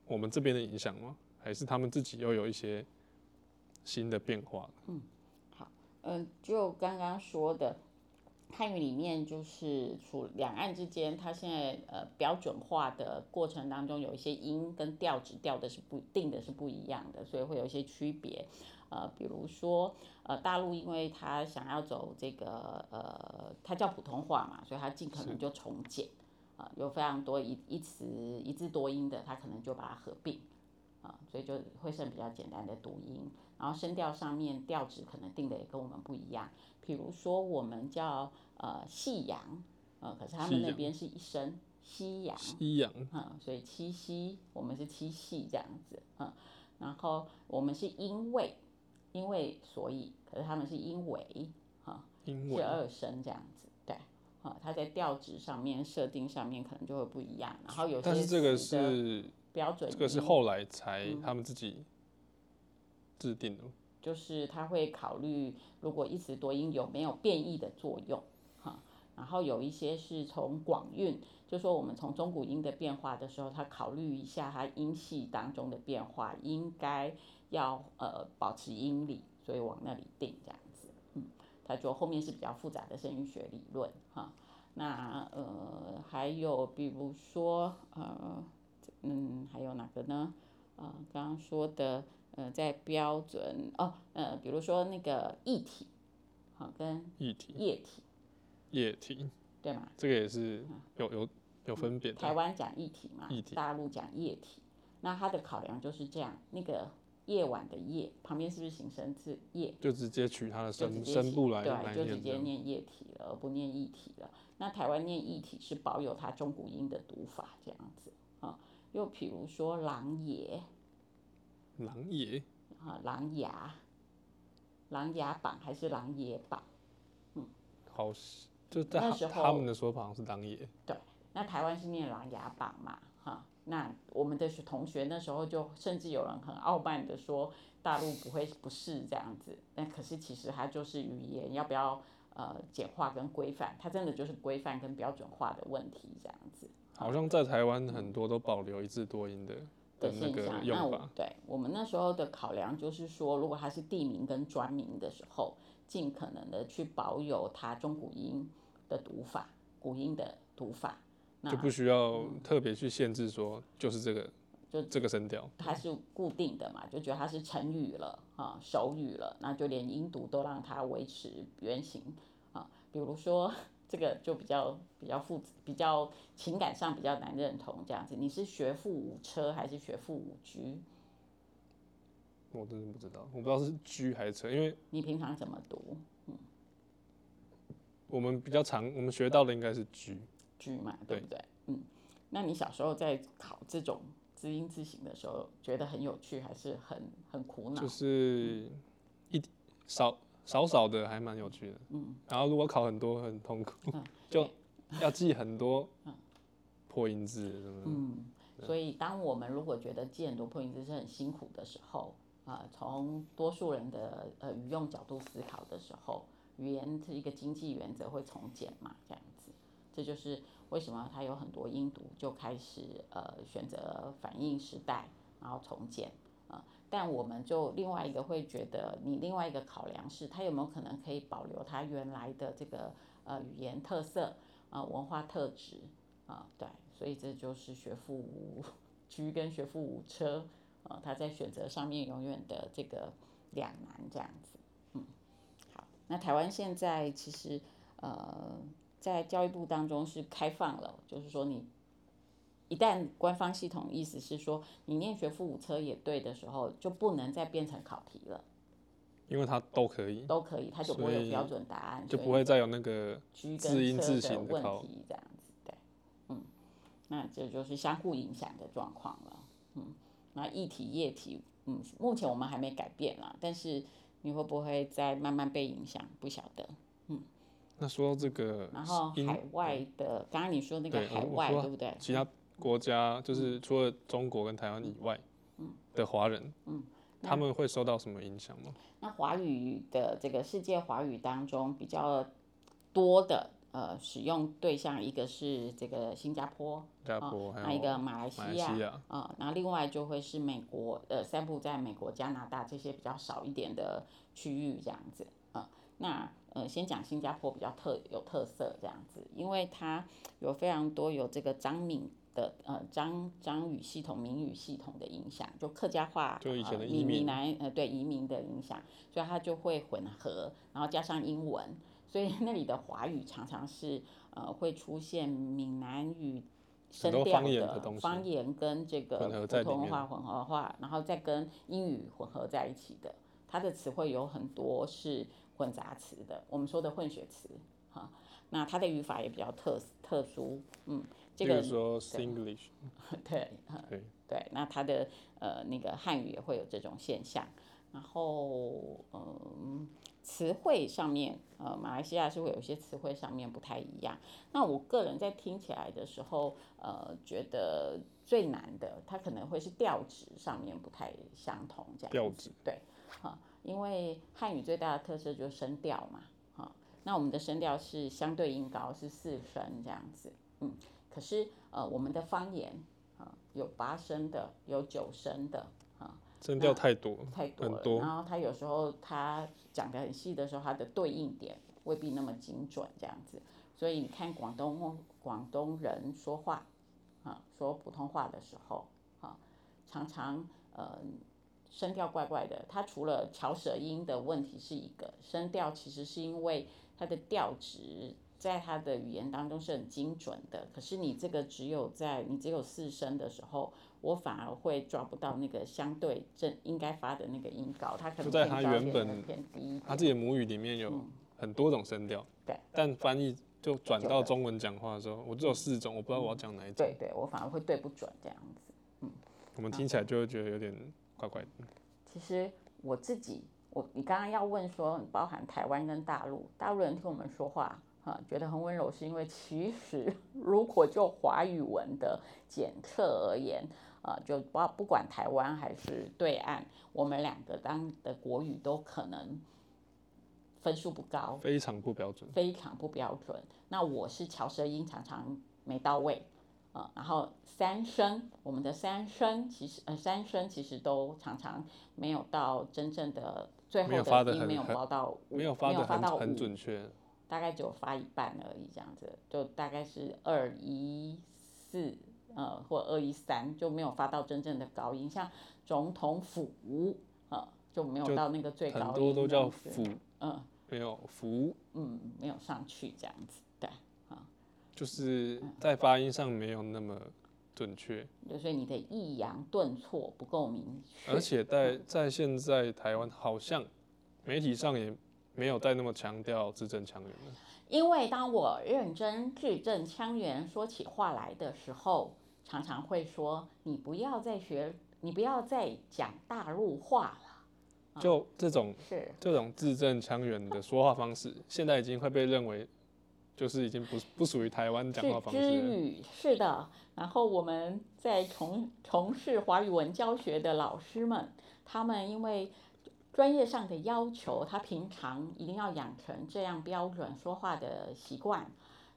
我們這邊的影響嗎？還是他們自己又有一些新的變化？嗯，好，嗯、呃，就剛剛說的。漢語裡面就是處兩岸之間，它現在呃標準化的過程當中，有一些音跟調值調的是不定的，是不一樣的，所以會有一些區別。呃，比如說呃大陸，因為它想要走這個呃，它叫普通話嘛，所以它盡可能就從簡，啊是、呃，有非常多一一詞一字多音的，它可能就把它合併啊、呃，所以就會剩比較簡單的讀音，然後聲調上面調值可能定的也跟我們不一樣。比如說我們叫呃夕陽，呃，可是他們那邊是一聲夕陽。夕陽，啊、嗯，所以七夕我們是七夕這樣子，嗯，然後我們是因為因為所以，可是他們是因為啊，嗯、因為是二聲這樣子，對，啊、嗯，他在調值上面設定上面可能就會不一樣，然後有些，但是這個是標準，這個是後來才他們自己制定的嗎？嗯就是他會考慮，如果一詞多音，有沒有變異的作用，哈、嗯，然後有一些是從廣韻，就說我們從中古音的變化的時候，他考慮一下它音系當中的變化，應該要呃保持音理，所以往那裡定這樣子，嗯，他就後面是比較複雜的聲韻學理論，哈、嗯，那呃還有比如說呃嗯還有哪個呢？啊、呃，剛剛說的。呃，在標準哦，呃，比如說那個液體，好、哦、跟液體，液體，液體，嗯、對嗎？這個也是有有有分別、嗯。台灣講液體嘛，液體大陸講液體，那它的考量就是這樣，那個夜晚的夜旁邊是不是形聲字夜，就直接取它的聲聲部來，對、啊，就直接念液體了，而不念液體了。那台灣念液體是保有它中古音的讀法這樣子啊、哦。又比如說狼也。狼爺，啊、嗯，狼牙，狼牙榜，還是狼爺榜？嗯，好就是，他們的說法好像是狼爺。對，那台灣是念狼牙榜嘛，哈，那我們的學同學那時候就甚至有人很傲慢的說大陸不會不是這樣子，那 [LAUGHS] 可是其實它就是語言要不要呃簡化跟規範，它真的就是規範跟標準化的問題這樣子。好像在台灣很多都保留一字多音的。的現象，那我、個、對我們那時候的考量就是說，如果它是地名跟專名的時候，尽可能的去保有它中古音的讀法，古音的讀法，那就不需要特別去限制說、嗯、就是這個，就這個聲調，它是固定的嘛，對就覺得它是成語了啊，熟語了，那就連音讀都讓它維持原形啊，比如說。這個就比較比較複雜，比較情感上比較難認同這樣子。你是學富五車還是學富五居？我真的不知道，我不知道是居還是車，因為你平常怎麼讀？嗯，我們比較常我們學到的應該是居居嘛，對不對？對。嗯，那你小時候在考這種字音字形的時候，覺得很有趣還是很很苦惱？就是一少。嗯少少的還蠻有趣的，嗯，然後如果考很多很痛苦，嗯、 [LAUGHS] 就要記很多破音字，是不是？嗯，所以當我們如果覺得記很多破音字是很辛苦的時候，啊，從多數人的呃語用角度思考的時候，語言是一個經濟原則會從簡嘛，這樣子，這就是為什麼它有很多音讀就開始呃選擇反映時代，然後從簡但我們就另外一個會覺得，你另外一個考量，是他有沒有可能可以保留他原來的這個呃語言特色啊、呃、文化特質啊、呃，對，所以這就是學富五居跟學富五車、呃、他在選擇上面永遠的這個兩難這樣子。嗯，好，那台灣現在其實呃在教育部當中是開放了，就是說你。一旦官方系統意思是說，你念學富五車也對的時候，就不能再變成考題了，因為它都可以、嗯，都可以，它就不會有標準答案，就不會再有那個字音字形的問題，這樣子，對，嗯，那這就是相互影響的狀況了，嗯，那異體液體，嗯，目前我們還沒改變啦，但是你會不會再慢慢被影響，不曉得，嗯，那說到這個，然後海外的，剛剛、嗯、你說那個海外，對不對？呃、其他、嗯。國家就是除了中國跟台灣以外，的華人，嗯嗯、他們會受到什麼影響嗎？那華語的這個世界華語當中比較多的呃使用對象，一個是這個新加坡，加坡，呃、還有一個馬來西亞，呃，然那另外就會是美國，呃，散布在美國、加拿大這些比較少一點的區域這樣子，啊、呃，那呃先講新加坡比較特有特色這樣子，因為它有非常多有這個張敏。的呃，漳漳語系統、閩語系統的影響，就客家話、呃、閩閩南呃，對移民的影響，所以它就會混合，然後加上英文，所以那裡的華語常常是呃會出現閩南語聲調的，方言，的東西方言跟這個普通話混合話，合然後再跟英語混合在一起的，它的詞彙有很多是混雜詞的，我們說的混血詞，哈，那它的語法也比較特特殊，嗯。就是說 Singlish，對對、嗯、對，對，那它的呃那個漢語也會有這種現象，然後嗯、呃、詞彙上面呃馬來西亞是會有一些詞彙上面不太一樣。那我個人在聽起來的時候，呃覺得最難的，它可能會是調值上面不太相同這樣子。調值指對，啊、呃，因為漢語最大的特色就是聲調嘛，啊、呃，那我們的聲調是相對音高是四聲這樣子，嗯。可是呃，我們的方言啊，有八聲的，有九聲的啊，聲調太多，太多了。很多，然後他有時候他講得很細的時候，他的對應點未必那麼精準，這樣子。所以你看廣東，廣東人說話啊，說普通話的時候啊，常常呃聲調怪怪的。他除了翹舌音的問題是一個，聲調其實是因為他的調值。在他的語言當中是很精準的，可是你這個只有在你只有四聲的時候，我反而會抓不到那個相對正應該發的那個音高，他可能就在他原本低他自己的母語裡面有很多種聲調，對、嗯，但翻譯就轉到中文講話的時候，嗯、我只有四種，嗯、我不知道我要講哪一種。對，對，對，對我反而會對不準這樣子，嗯，我們聽起來就會覺得有點怪怪的。啊、其實我自己，我你剛剛要問說，包含台灣跟大陸，大陸人聽我們說話。啊，覺得很溫柔，是因為其實如果就華語文的檢測而言，啊，就不不管台灣還是對岸，我們兩個當的國語都可能分數不高，非常不標準，非常不標準。那我是翹舌音常常沒到位，啊，然後三聲，我們的三聲其實呃三聲其實都常常沒有到真正的最後的音沒，沒有包到，沒有發的很沒有到很準確。大概只有發一半而已，這樣子就大概是二一四，呃，或二一三，就沒有發到真正的高音，像總統府，呃，就沒有到那個最高音。很多都叫府，嗯，沒有府，福嗯，沒有上去這樣子，對，啊、呃，就是在發音上沒有那麼準確，嗯，就所、是、以你的抑揚頓挫不夠明確，而且在在現在台灣好像媒體上也，沒有再那麼強調字正腔圓了，因為當我認真字正腔圓說起話來的時候，常常會說：“你不要再學，你不要再講大陸話了。”就這種、嗯、是這種字正腔圓的說話方式，現在已經會被認為就是已經不不屬於台灣講話方式了，支語。是的，然後我們在從從事華語文教學的老師們，他們因為。專業上的要求，他平常一定要養成這樣標準說話的習慣，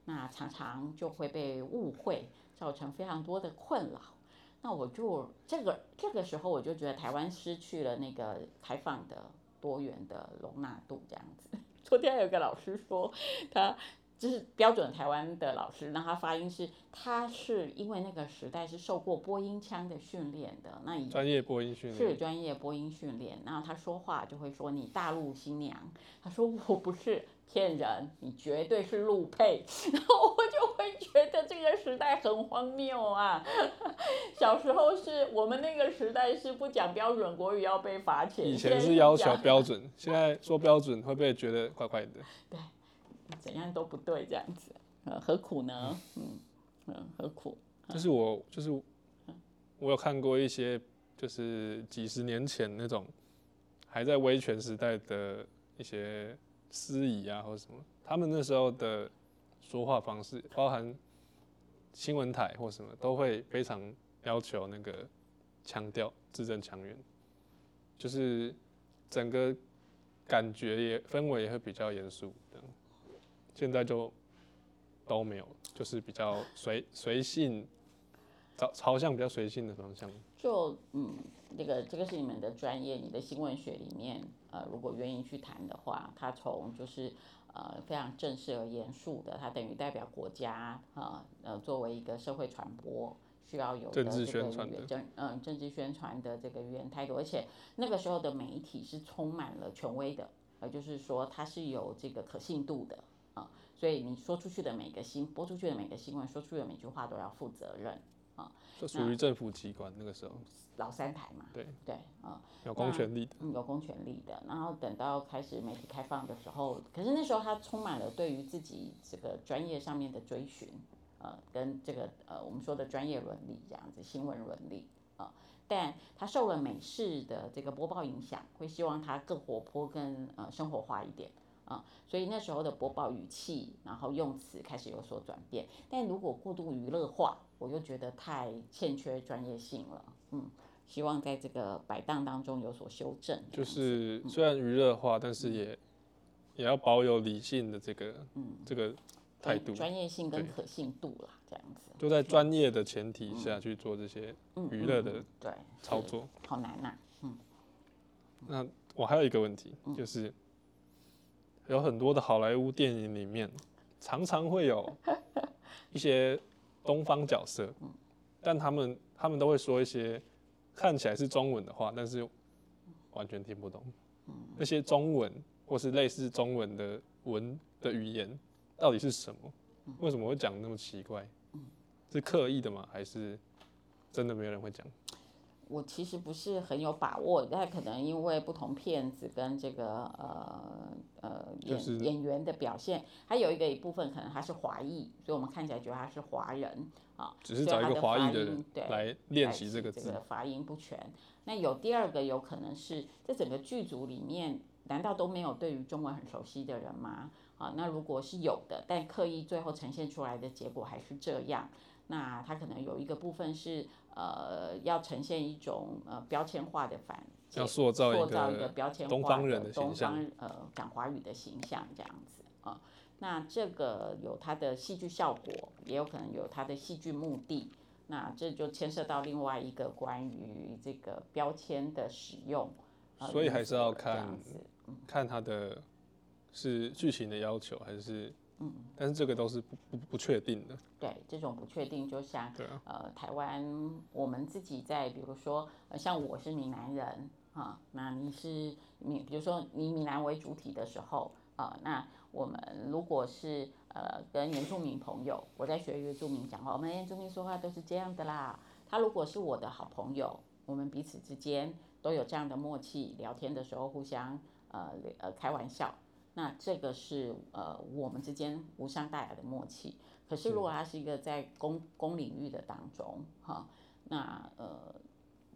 那常常就會被誤會，造成非常多的困擾。那我就這個這個時候，我就覺得台灣失去了那個開放的、多元的容納度這樣子。昨天還有個老師說他。就是標準的台灣的老師讓他發音是，他是因為那個時代是受過播音腔的訓練的，那已專業播音訓練是專業播音訓練，然後他說話就會說，你大陸新娘，他說我不是騙人，你絕對是陸配，然後我就會覺得這個時代很荒謬啊。小時候是我們那個時代是不講標準國語要被罰錢，以前是要求標準，標準，現在說標準會不會覺得怪怪的？對。怎樣都不對，這樣子，何苦呢？嗯，嗯，何苦？就是我，就是我有看過一些，就是幾十年前那種還在威權時代的一些司儀啊，或者什麼，他們那時候的說話方式，包含新聞台或什麼，都會非常要求那個腔調、字正腔圓，就是整個感覺也氛圍也會比較嚴肅現在就都沒有，就是比較隨隨性，朝朝向比較隨性的方向。就嗯，那個這個是你們的專業，你的新聞學裡面，呃，如果願意去談的話，它從就是呃非常正式而嚴肅的，它等於代表國家啊，呃，呃作為一個社會傳播需要有政治宣傳，的政嗯政治宣傳的這個語言態度，而且那個時候的媒體是充滿了權威的，呃就是說它是有這個可信度的。啊、哦，所以你說出去的每個新播出去的每個新聞，說出去的每句話都要負責任啊。就屬於政府機關那，那個時候，老三台嘛。對對，啊、哦嗯，有公權力的，有公權力的。然後等到開始媒體開放的時候，可是那時候他充滿了對於自己這個專業上面的追尋，呃，跟這個呃我們說的專業倫理這樣子，新聞倫理啊、呃。但他受了美式的這個播報影響，會希望他更活潑跟呃生活化一點。啊，所以那時候的播報語氣，然後用詞開始有所轉變。但如果過度娛樂化，我又覺得太欠缺專業性了。嗯，希望在這個擺盪當中有所修正。就是雖然娛樂化，但是也、嗯、也要保有理性的這個、嗯、這個態度，專業性跟可信度啦，這樣子。就在專業的前提下去做這些娛樂的對操作，好難吶。嗯，嗯啊、嗯那我還有一個問題就是。嗯有很多的好萊塢電影裡面，常常會有一些東方角色，但他們他們都會說一些看起來是中文的話，但是完全聽不懂。那些中文或是類似中文的文的語言到底是什麼？為什麼會講那麼奇怪？是刻意的嗎？還是真的沒有人會講？我其實不是很有把握，但可能因為不同片子跟這個呃呃演、就是、演員的表現，還有一個一部分可能他是華裔，所以我們看起來覺得他是華人啊。只是找一個華裔的人來練習這個字，這個發音不全。那有第二個有可能是這整個劇組裡面難道都沒有對於中文很熟悉的人嗎？啊，那如果是有的，但刻意最後呈現出來的結果還是這樣。那他可能有一個部分是，呃，要呈現一種呃，標籤化的反，要塑造一個東方人的形象，東方呃，講華語的形象這樣子啊，呃。那這個有它的戲劇效果，也有可能有它的戲劇目的。那這就牽涉到另外一個關於這個標籤的使用，呃，所以還是要看這樣子，嗯，看它的，是劇情的要求還是？嗯，但是這個都是不不不確定的。對，這種不確定就像、啊、呃，台灣我們自己在，比如說、呃、像我是閩南人啊，那你是閩，比如說以閩南為主體的時候啊，那我們如果是呃跟原住民朋友，我在學原住民講話，我們原住民說話都是這樣的啦。他如果是我的好朋友，我們彼此之間都有這樣的默契，聊天的時候互相呃呃開玩笑。那這個是呃我們之間無傷大雅的默契。可是如果他是一個在公公領域的當中，哈、啊，那呃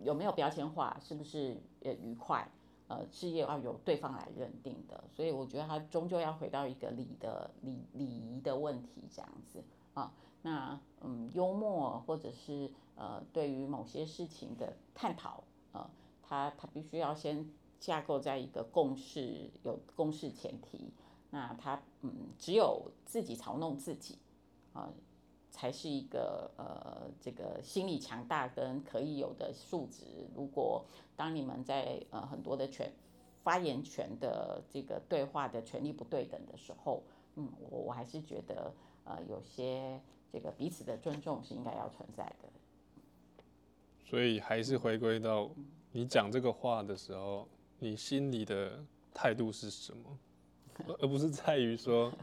有沒有標籤化，是不是呃愉快？呃，事業要由對方來認定的，所以我覺得他終究要回到一個禮的禮禮儀的問題這樣子啊。那嗯，幽默或者是呃對於某些事情的探討呃，他他必須要先。架構在一個共識有共識前提，那他嗯只有自己嘲弄自己啊、呃，才是一個呃這個心理強大跟可以有的素質。如果當你們在呃很多的權發言權的這個對話的權利不對等的時候，嗯，我我還是覺得呃有些這個彼此的尊重是應該要存在的。所以還是回歸到你講這個話的時候，你心裡的態度是什麼，而不是在於說，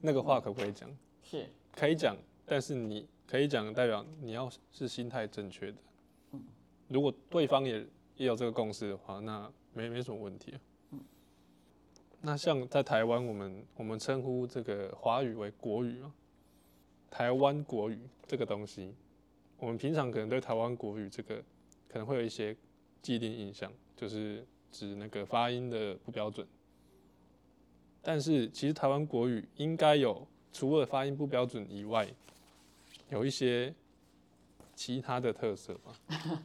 那個話可不可以講？是，可以講，但是你可以講代表你要是心態正確的，如果對方也也有這個共識的話，那沒沒什麼問題啊。那像在台灣，我們我們稱呼這個華語為國語啊，台灣國語這個東西，我們平常可能對台灣國語這個可能會有一些既定印象，就是。指那個發音的不標準，但是其實台灣國語應該有，除了發音不標準以外，有一些其他的特色嘛，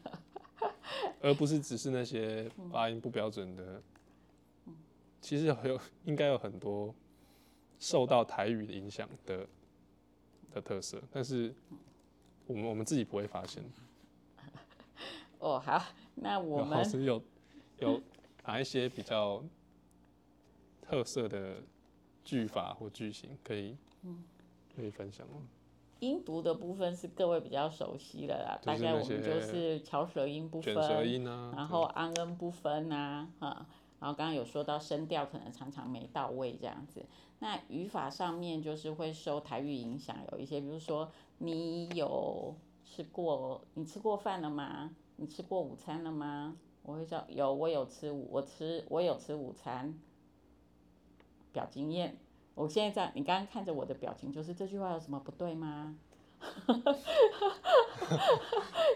[LAUGHS] 而不是只是那些發音不標準的。其實有應該有很多受到台語影響的的特色，但是我們我們自己不會發現。 [LAUGHS] 哦，好，那我們有有。有 [LAUGHS] 哪、啊、一些比較特色的句法或句型可以可以分享嗎？音讀的部分是各位比較熟悉了啦，大概我們就是翹舌音不分，然後安恩不分哈，然後剛剛有說到聲調可能常常沒到位這樣子。那語法上面就是會受台語影響有一些，比如說你有吃過，你吃過飯了嗎？你吃過午餐了嗎？我會叫有我有吃午我吃我有吃午餐，表經驗。我現在這樣，你剛剛看着我的表情，就是這句話有什麼不對嗎？ [LAUGHS]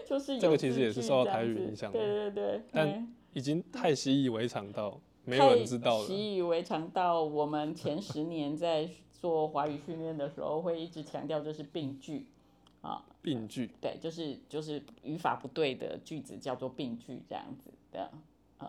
就是這， [LAUGHS] 這個其實也是受到台語影響的，對對對。但已經太習以為常到嘿沒有人知道了。習以為常到我們前十年在做華語訓練的時候，會一直強調就是病句 [LAUGHS] 啊。病句對，就是就是語法不對的句子叫做病句這樣子。的，呃、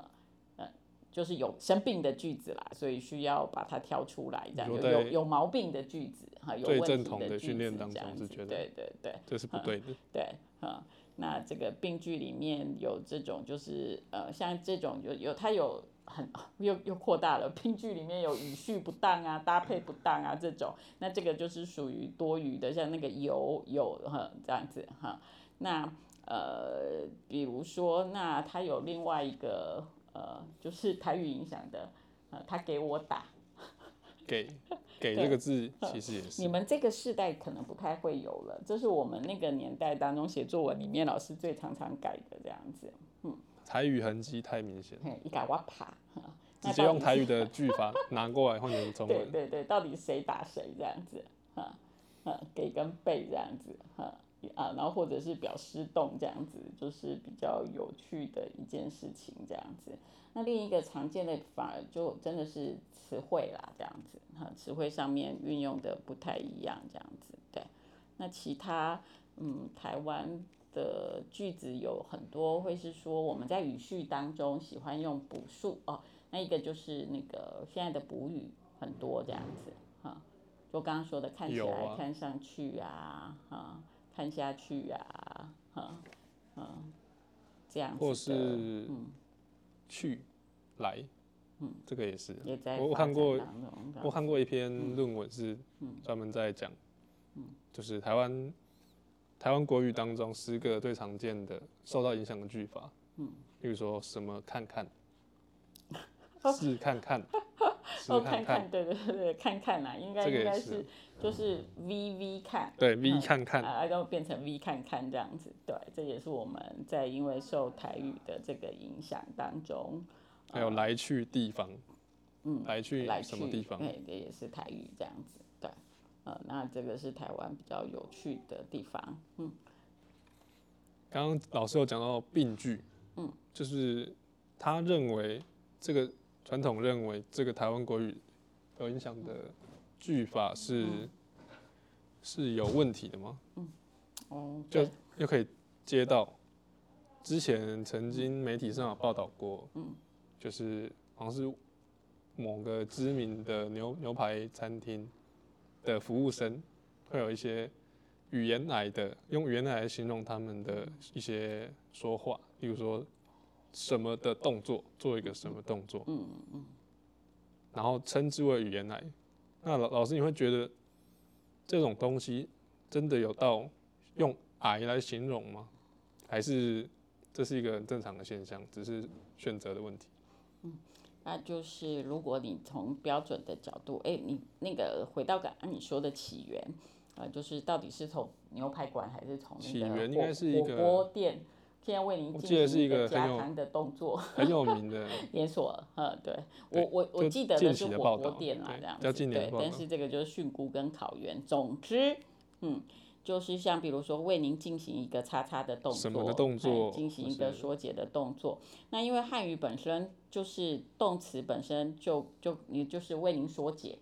嗯，嗯，就是有生病的句子啦，所以需要把它挑出來，這樣就有有毛病的句子哈、嗯，有問題的句子的訓練這樣子，對對對，這是不對的，嗯、對哈、嗯。那這個病句裡面有這種，就是呃，像這種有有它有很又又擴大了病句裡面有語序不當啊，搭配不當啊這種，那這個就是屬於多餘的，像那個有有哈、嗯、這樣子哈、嗯，那。呃，比如說，那他有另外一個呃，就是台語影響的，呃，他給我打，給給這個字 [LAUGHS] 呵其實也是。你們這個世代可能不太會有了，這是我們那個年代當中寫作文裡面老師最常常改的這樣子。嗯，台語痕跡太明顯。嘿，一個我怕，直接用台語的句法 [LAUGHS] 拿過來換成中文。對對對，到底誰打誰這樣子？哈，給跟被這樣子，啊，然後或者是表示動這樣子，就是比較有趣的一件事情這樣子。那另一個常見的反而就真的是詞彙啦，這樣子哈，詞彙上面運用的不太一樣這樣子。對，那其他嗯，台灣的句子有很多會是說我們在語序當中喜歡用補述哦，那一個就是那個現在的補語很多這樣子哈，就剛剛說的看起來、看上去啊哈。看下去呀、啊，啊，這樣子或是、嗯、去，來，嗯、這個也是，也在我我看過，我看過一篇論文是專門在講，嗯嗯嗯、就是台灣台灣國語當中十個最常見的受到影響的句法，嗯，比如說什麼看看，試、嗯、看看。 [LAUGHS] 哦，看看，對對對看看啦，啊，應該應該是，是，啊，就是 V V 看，對 V 看看，嗯、啊，都變成 V 看看這樣子，對，這也是我們在因為受台語的這個影響當中，還有來去地方，嗯，來去來什麼地方，嗯、對，這也是台語這樣子，對，呃、嗯，那這個是台灣比較有趣的地方，嗯。剛剛老師有講到病句，嗯，就是他認為這個。傳統認為，這個台灣國語有影響的句法是、嗯、是有問題的嗎？就又可以接到之前曾經媒體上有報道過，就是好像是某個知名的牛牛排餐廳的服務生會有一些語言癌的，用語言癌來形容他們的一些說話，比如說。什麼的動作，做一個什麼動作，嗯嗯嗯，嗯嗯然後稱之為語言癌，那老老師你會覺得這種東西真的有到用癌來形容嗎？還是這是一個很正常的現象，只是選擇的問題？嗯，那就是如果你從標準的角度，哎、欸，你那個回到剛剛你說的起源，呃，就是到底是從牛排館還是從起源應該是一個火鍋店。現在為您進行一個加餐的動作。很，很有名的 [LAUGHS] 連鎖，呃，對，對我我我記得的是火鍋店啊，的這樣子，對，對，但是這個就是訓詁跟考源。總之，嗯，就是像比如說為您進行一個叉叉的動作，什麼的動作，進行一個縮解的動作，的那因為漢語本身就是動詞本身就就也就是為您縮解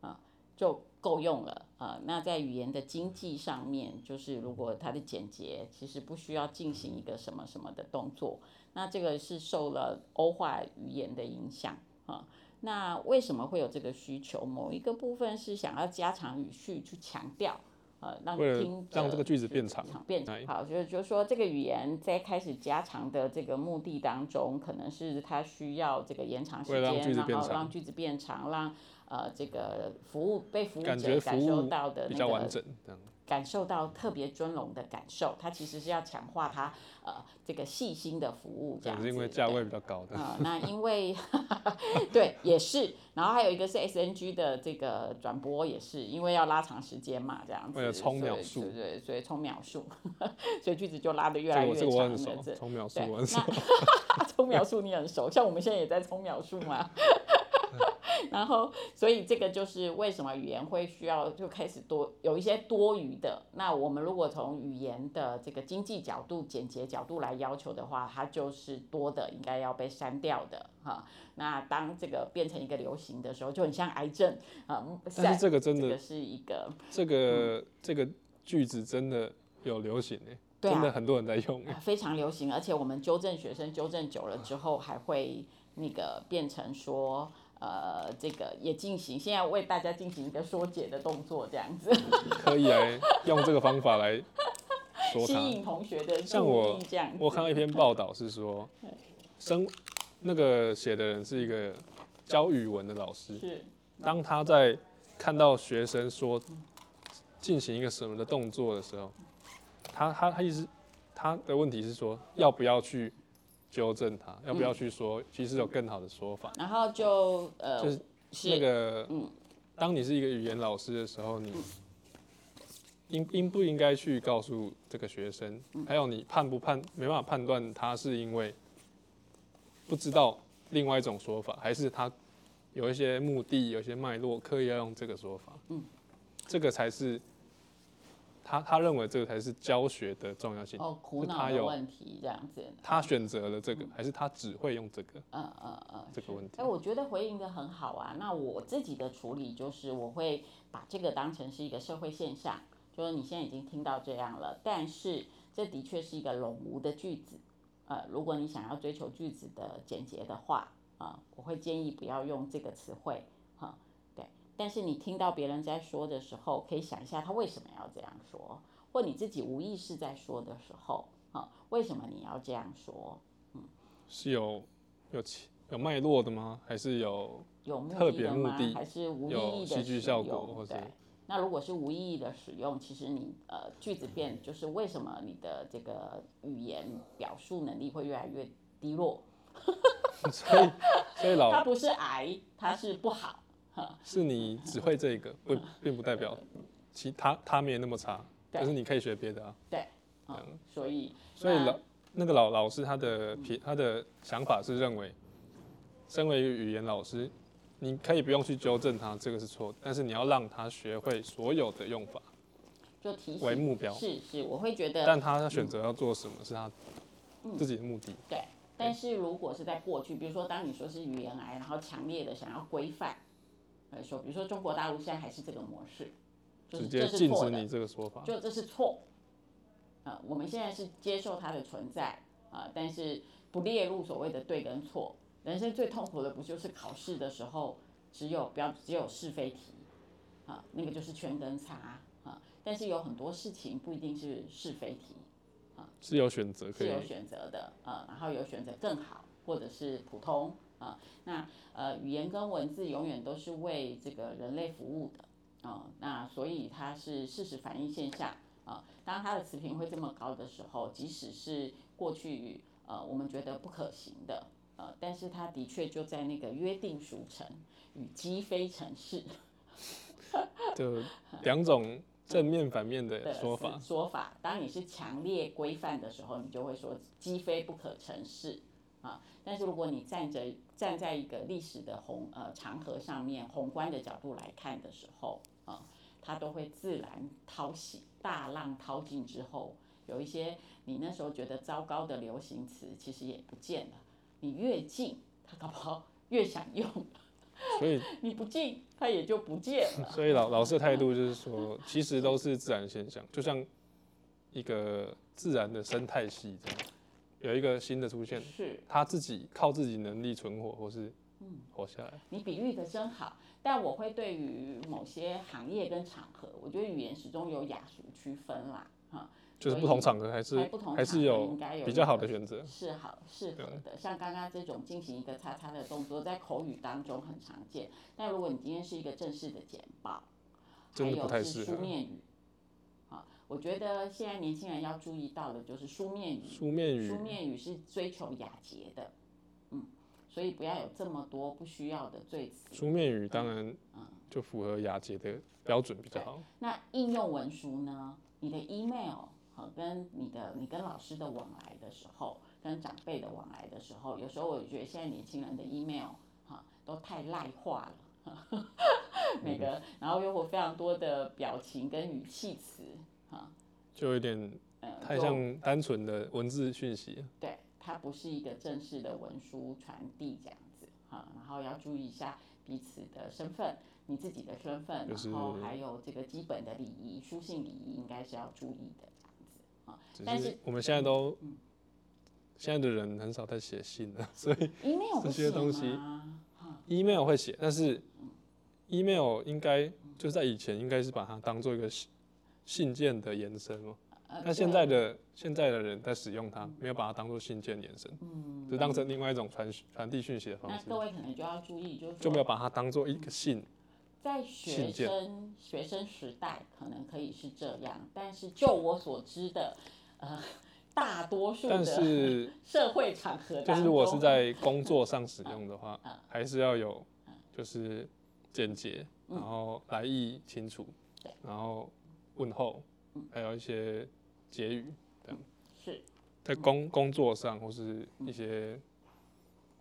啊，就。夠用了啊、呃，那在語言的經濟上面，就是如果它的簡潔，其實不需要進行一個什麼什麼的動作。那這個是受了歐化語言的影響啊、呃。那為什麼會有這個需求？某一個部分是想要加長語序去強調，呃，讓你聽著，為了讓這個句子變長，變長。好，就是就是說這個語言在開始加長的這個目的當中，可能是它需要這個延長時間，為了讓句子變長。然後讓句子變長，讓。呃，這個服務被服務者感受到的那個，感受到特別尊榮的感受，它其實是要強化他呃這個細心的服務，這樣子。是因為價位比較高的。啊、呃，那因為， [LAUGHS] [LAUGHS] 對，也是。然後還有一個是 SNG 的這個轉播，也是因為要拉長時間嘛，這樣子。為了衝秒數，對對，所以衝秒數，呵呵所以句子就拉得越來越長了。這這是衝秒數，你很熟。衝秒數，像我們現在也在衝秒數嘛。 [LAUGHS] [LAUGHS] 然後，所以這個就是為什麼語言會需要就開始多有一些多餘的。那我們如果從語言的這個經濟角度、簡潔角度來要求的話，它就是多的，應該要被刪掉的哈、啊。那當這個變成一個流行的時候，就很像癌症啊。但是這個真的是一個，這個、嗯、這個句子真的有流行哎，對啊、真的很多人在用、啊，非常流行。而且我們糾正學生糾正久了之後，還會那個變成說。啊呃，這個也進行，現在為大家進行一個說解的動作，這樣子、嗯、可以來用這個方法來說他。吸引 [LAUGHS] 同學的像我，我看到一篇報道是說， [LAUGHS] 對生那個寫的人是一個教語文的老師，是當他在看到學生說進行一個什麼的動作的時候，他他他意思，他的問題是說要不要去。糾正他要不要去說？嗯、其實有更好的說法。然後就呃，就是那個，嗯、當你是一個語言老師的時候，你應應不應該去告訴這個學生？嗯、還有你判不判？沒辦法判斷他是因為不知道另外一種說法，還是他有一些目的、有一些脈絡，刻意要用這個說法？嗯，這個才是。他他認為這個才是教學的重要性。對他哦，苦惱有問題這樣子。他選擇了這個，嗯、還是他只會用這個？嗯嗯嗯，嗯嗯嗯這個問題。哎，我覺得回應的很好啊。那我自己的處理就是，我會把這個當成是一個社會現象，就是你現在已經聽到這樣了。但是這的確是一個冗餘的句子。呃，如果你想要追求句子的簡潔的話，啊、呃，我會建議不要用這個詞彙。但是你聽到別人在說的時候，可以想一下他為什麼要這樣說，或你自己無意識在說的時候，啊，為什麼你要這樣說？嗯，是有有有脈絡的嗎？還是有有特別目的，目的嗎？還是無意義的戲劇效果？對。那如果是無意義的使用，其實你呃句子變就是為什麼你的這個語言表述能力會越來越低落？ [LAUGHS] [LAUGHS] 所以，所以老他不是癌，他是不好。是你只會這一個，不並不代表其他他沒有那麼差，但對是你可以學別的啊。對，哦、樣所以所以老那個老老師他的、嗯、他的想法是認為，身為一個語言老師，你可以不用去糾正他這個是錯的，但是你要讓他學會所有的用法，就提為目標。是是，我會覺得，但他選擇要做什麼、嗯、是他自己的目的。嗯、對，對，但是如果是在過去，比如說當你說是語言癌，然後強烈的想要規範。來說，比如說中國大陸現在還是這個模式，這、就是這是錯的。這個說法就這是錯，啊、呃，我們現在是接受它的存在啊、呃，但是不列入所謂的對跟錯。人生最痛苦的不就是考試的時候只有標只有是非題啊、呃？那個就是圈跟叉啊、呃。但是有很多事情不一定是是非題啊，自、呃、由選擇，可自由選擇的啊、呃，然後有選擇更好或者是普通。啊，那呃，語言跟文字永遠都是為這個人類服務的啊，那所以它是事實反映現象啊。當它的詞頻會這麼高的時候，即使是過去語呃我們覺得不可行的呃、啊，但是它的確就在那個約定俗成與積非成是。 [LAUGHS] 就兩種正面反面的說法、嗯、對說法。當你是強烈規範的時候，你就會說積非不可成是。啊，但是如果你站着，站在一個歷史的宏呃長河上面，宏觀的角度來看的時候啊，它都會自然淘洗，大浪淘盡之後，有一些你那時候覺得糟糕的流行詞，其實也不見了。你越禁，它搞不好越想用，所以 [LAUGHS] 你不禁，它也就不見了。所以老老師的態度就是說，其實都是自然現象， [LAUGHS] 就像一個自然的生態系這樣。有一個新的出現，是他自己靠自己能力存活，或是活下來。嗯、你比喻得真好，但我會對於某些行業跟場合，我覺得語言始終有雅俗區分啦，哈。就是以不同場合還是還是有應該有比較好的選擇，是好適，適合的。對像剛剛這種進行一個叉叉的動作，在口語當中很常見，但如果你今天是一個正式的簡報，還有是真的不太適合書面語。我覺得現在年輕人要注意到的就是書面語，書面語，書面語是追求雅潔的，嗯，所以不要有這麼多不需要的贅詞。書面語當然，就符合雅潔的標準比較好，嗯嗯。那應用文書呢？你的 email，啊，跟你的你跟老師的往來的時候，跟長輩的往來的時候，有時候我覺得現在年輕人的 email 哈，啊，都太賴化了呵呵，每個，嗯，然後又有非常多的表情跟語氣詞。啊，就有點，太像單純的文字訊息了、嗯。對，它不是一個正式的文書傳遞這樣子，啊、嗯，然後要注意一下彼此的身份，你自己的身份，然後還有這個基本的禮儀，嗯、書信禮儀應該是要注意的這樣子。但、嗯、是我們現在都，現在的人很少在寫信了，對所以 email 這些東西、嗯、，email em、e、會寫，但是 email 應該就是在以前應該是把它當做一個。信件的延伸哦，那現在的現在的人在使用它，沒有把它當做信件延伸，就當成另外一種傳傳遞訊息的方式。那各位可能就要注意，就就沒有把它當作一個信，在學生學生時代可能可以是這樣，但是就我所知的，呃，大多數的但是社會場合當中，就是我是在工作上使用的話，還是要有，就是簡潔，然後來意清楚，然後。問候，還有一些結語，是在工工作上或是一些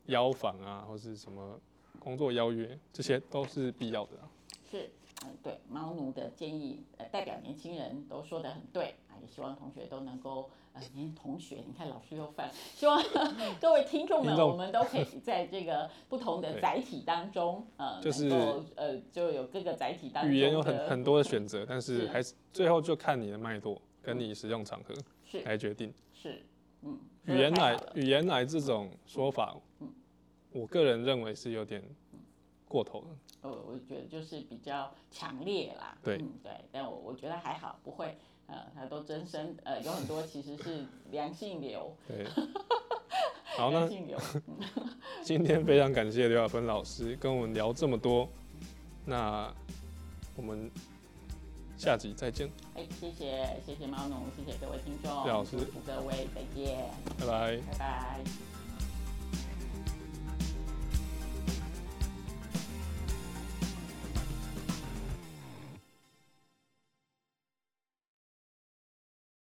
邀訪啊，或是什麼工作邀約，這些都是必要的啊。是。嗯，對，貓奴的建議，呃，代表年輕人都說得很對啊，也希望同學都能夠，呃，連同學，你看老師又犯，希望呵呵各位聽眾們，聽眾 我們都可以在這個不同的載體當中， [LAUGHS] 呃，就是呃，就有各個載體當中語言有很很多的選擇， [LAUGHS] 但是還是最後就看你的脈絡跟你使用場合來決定，嗯，是，是，嗯，語言癌語言癌這種說法，嗯，嗯我個人認為是有點過頭了。我我覺得就是比較強烈啦，對、嗯，對，但我我覺得還好，不會，呃，它都增生，呃，有很多其實是良性瘤，對，呵呵呵好呢， [LAUGHS] 今天非常感謝劉雅芬老師跟我們聊這麼多， [LAUGHS] 那我們下集再見，哎，謝謝，謝謝貓奴謝謝各位聽眾，謝謝各位，再見，拜拜 bye，拜拜。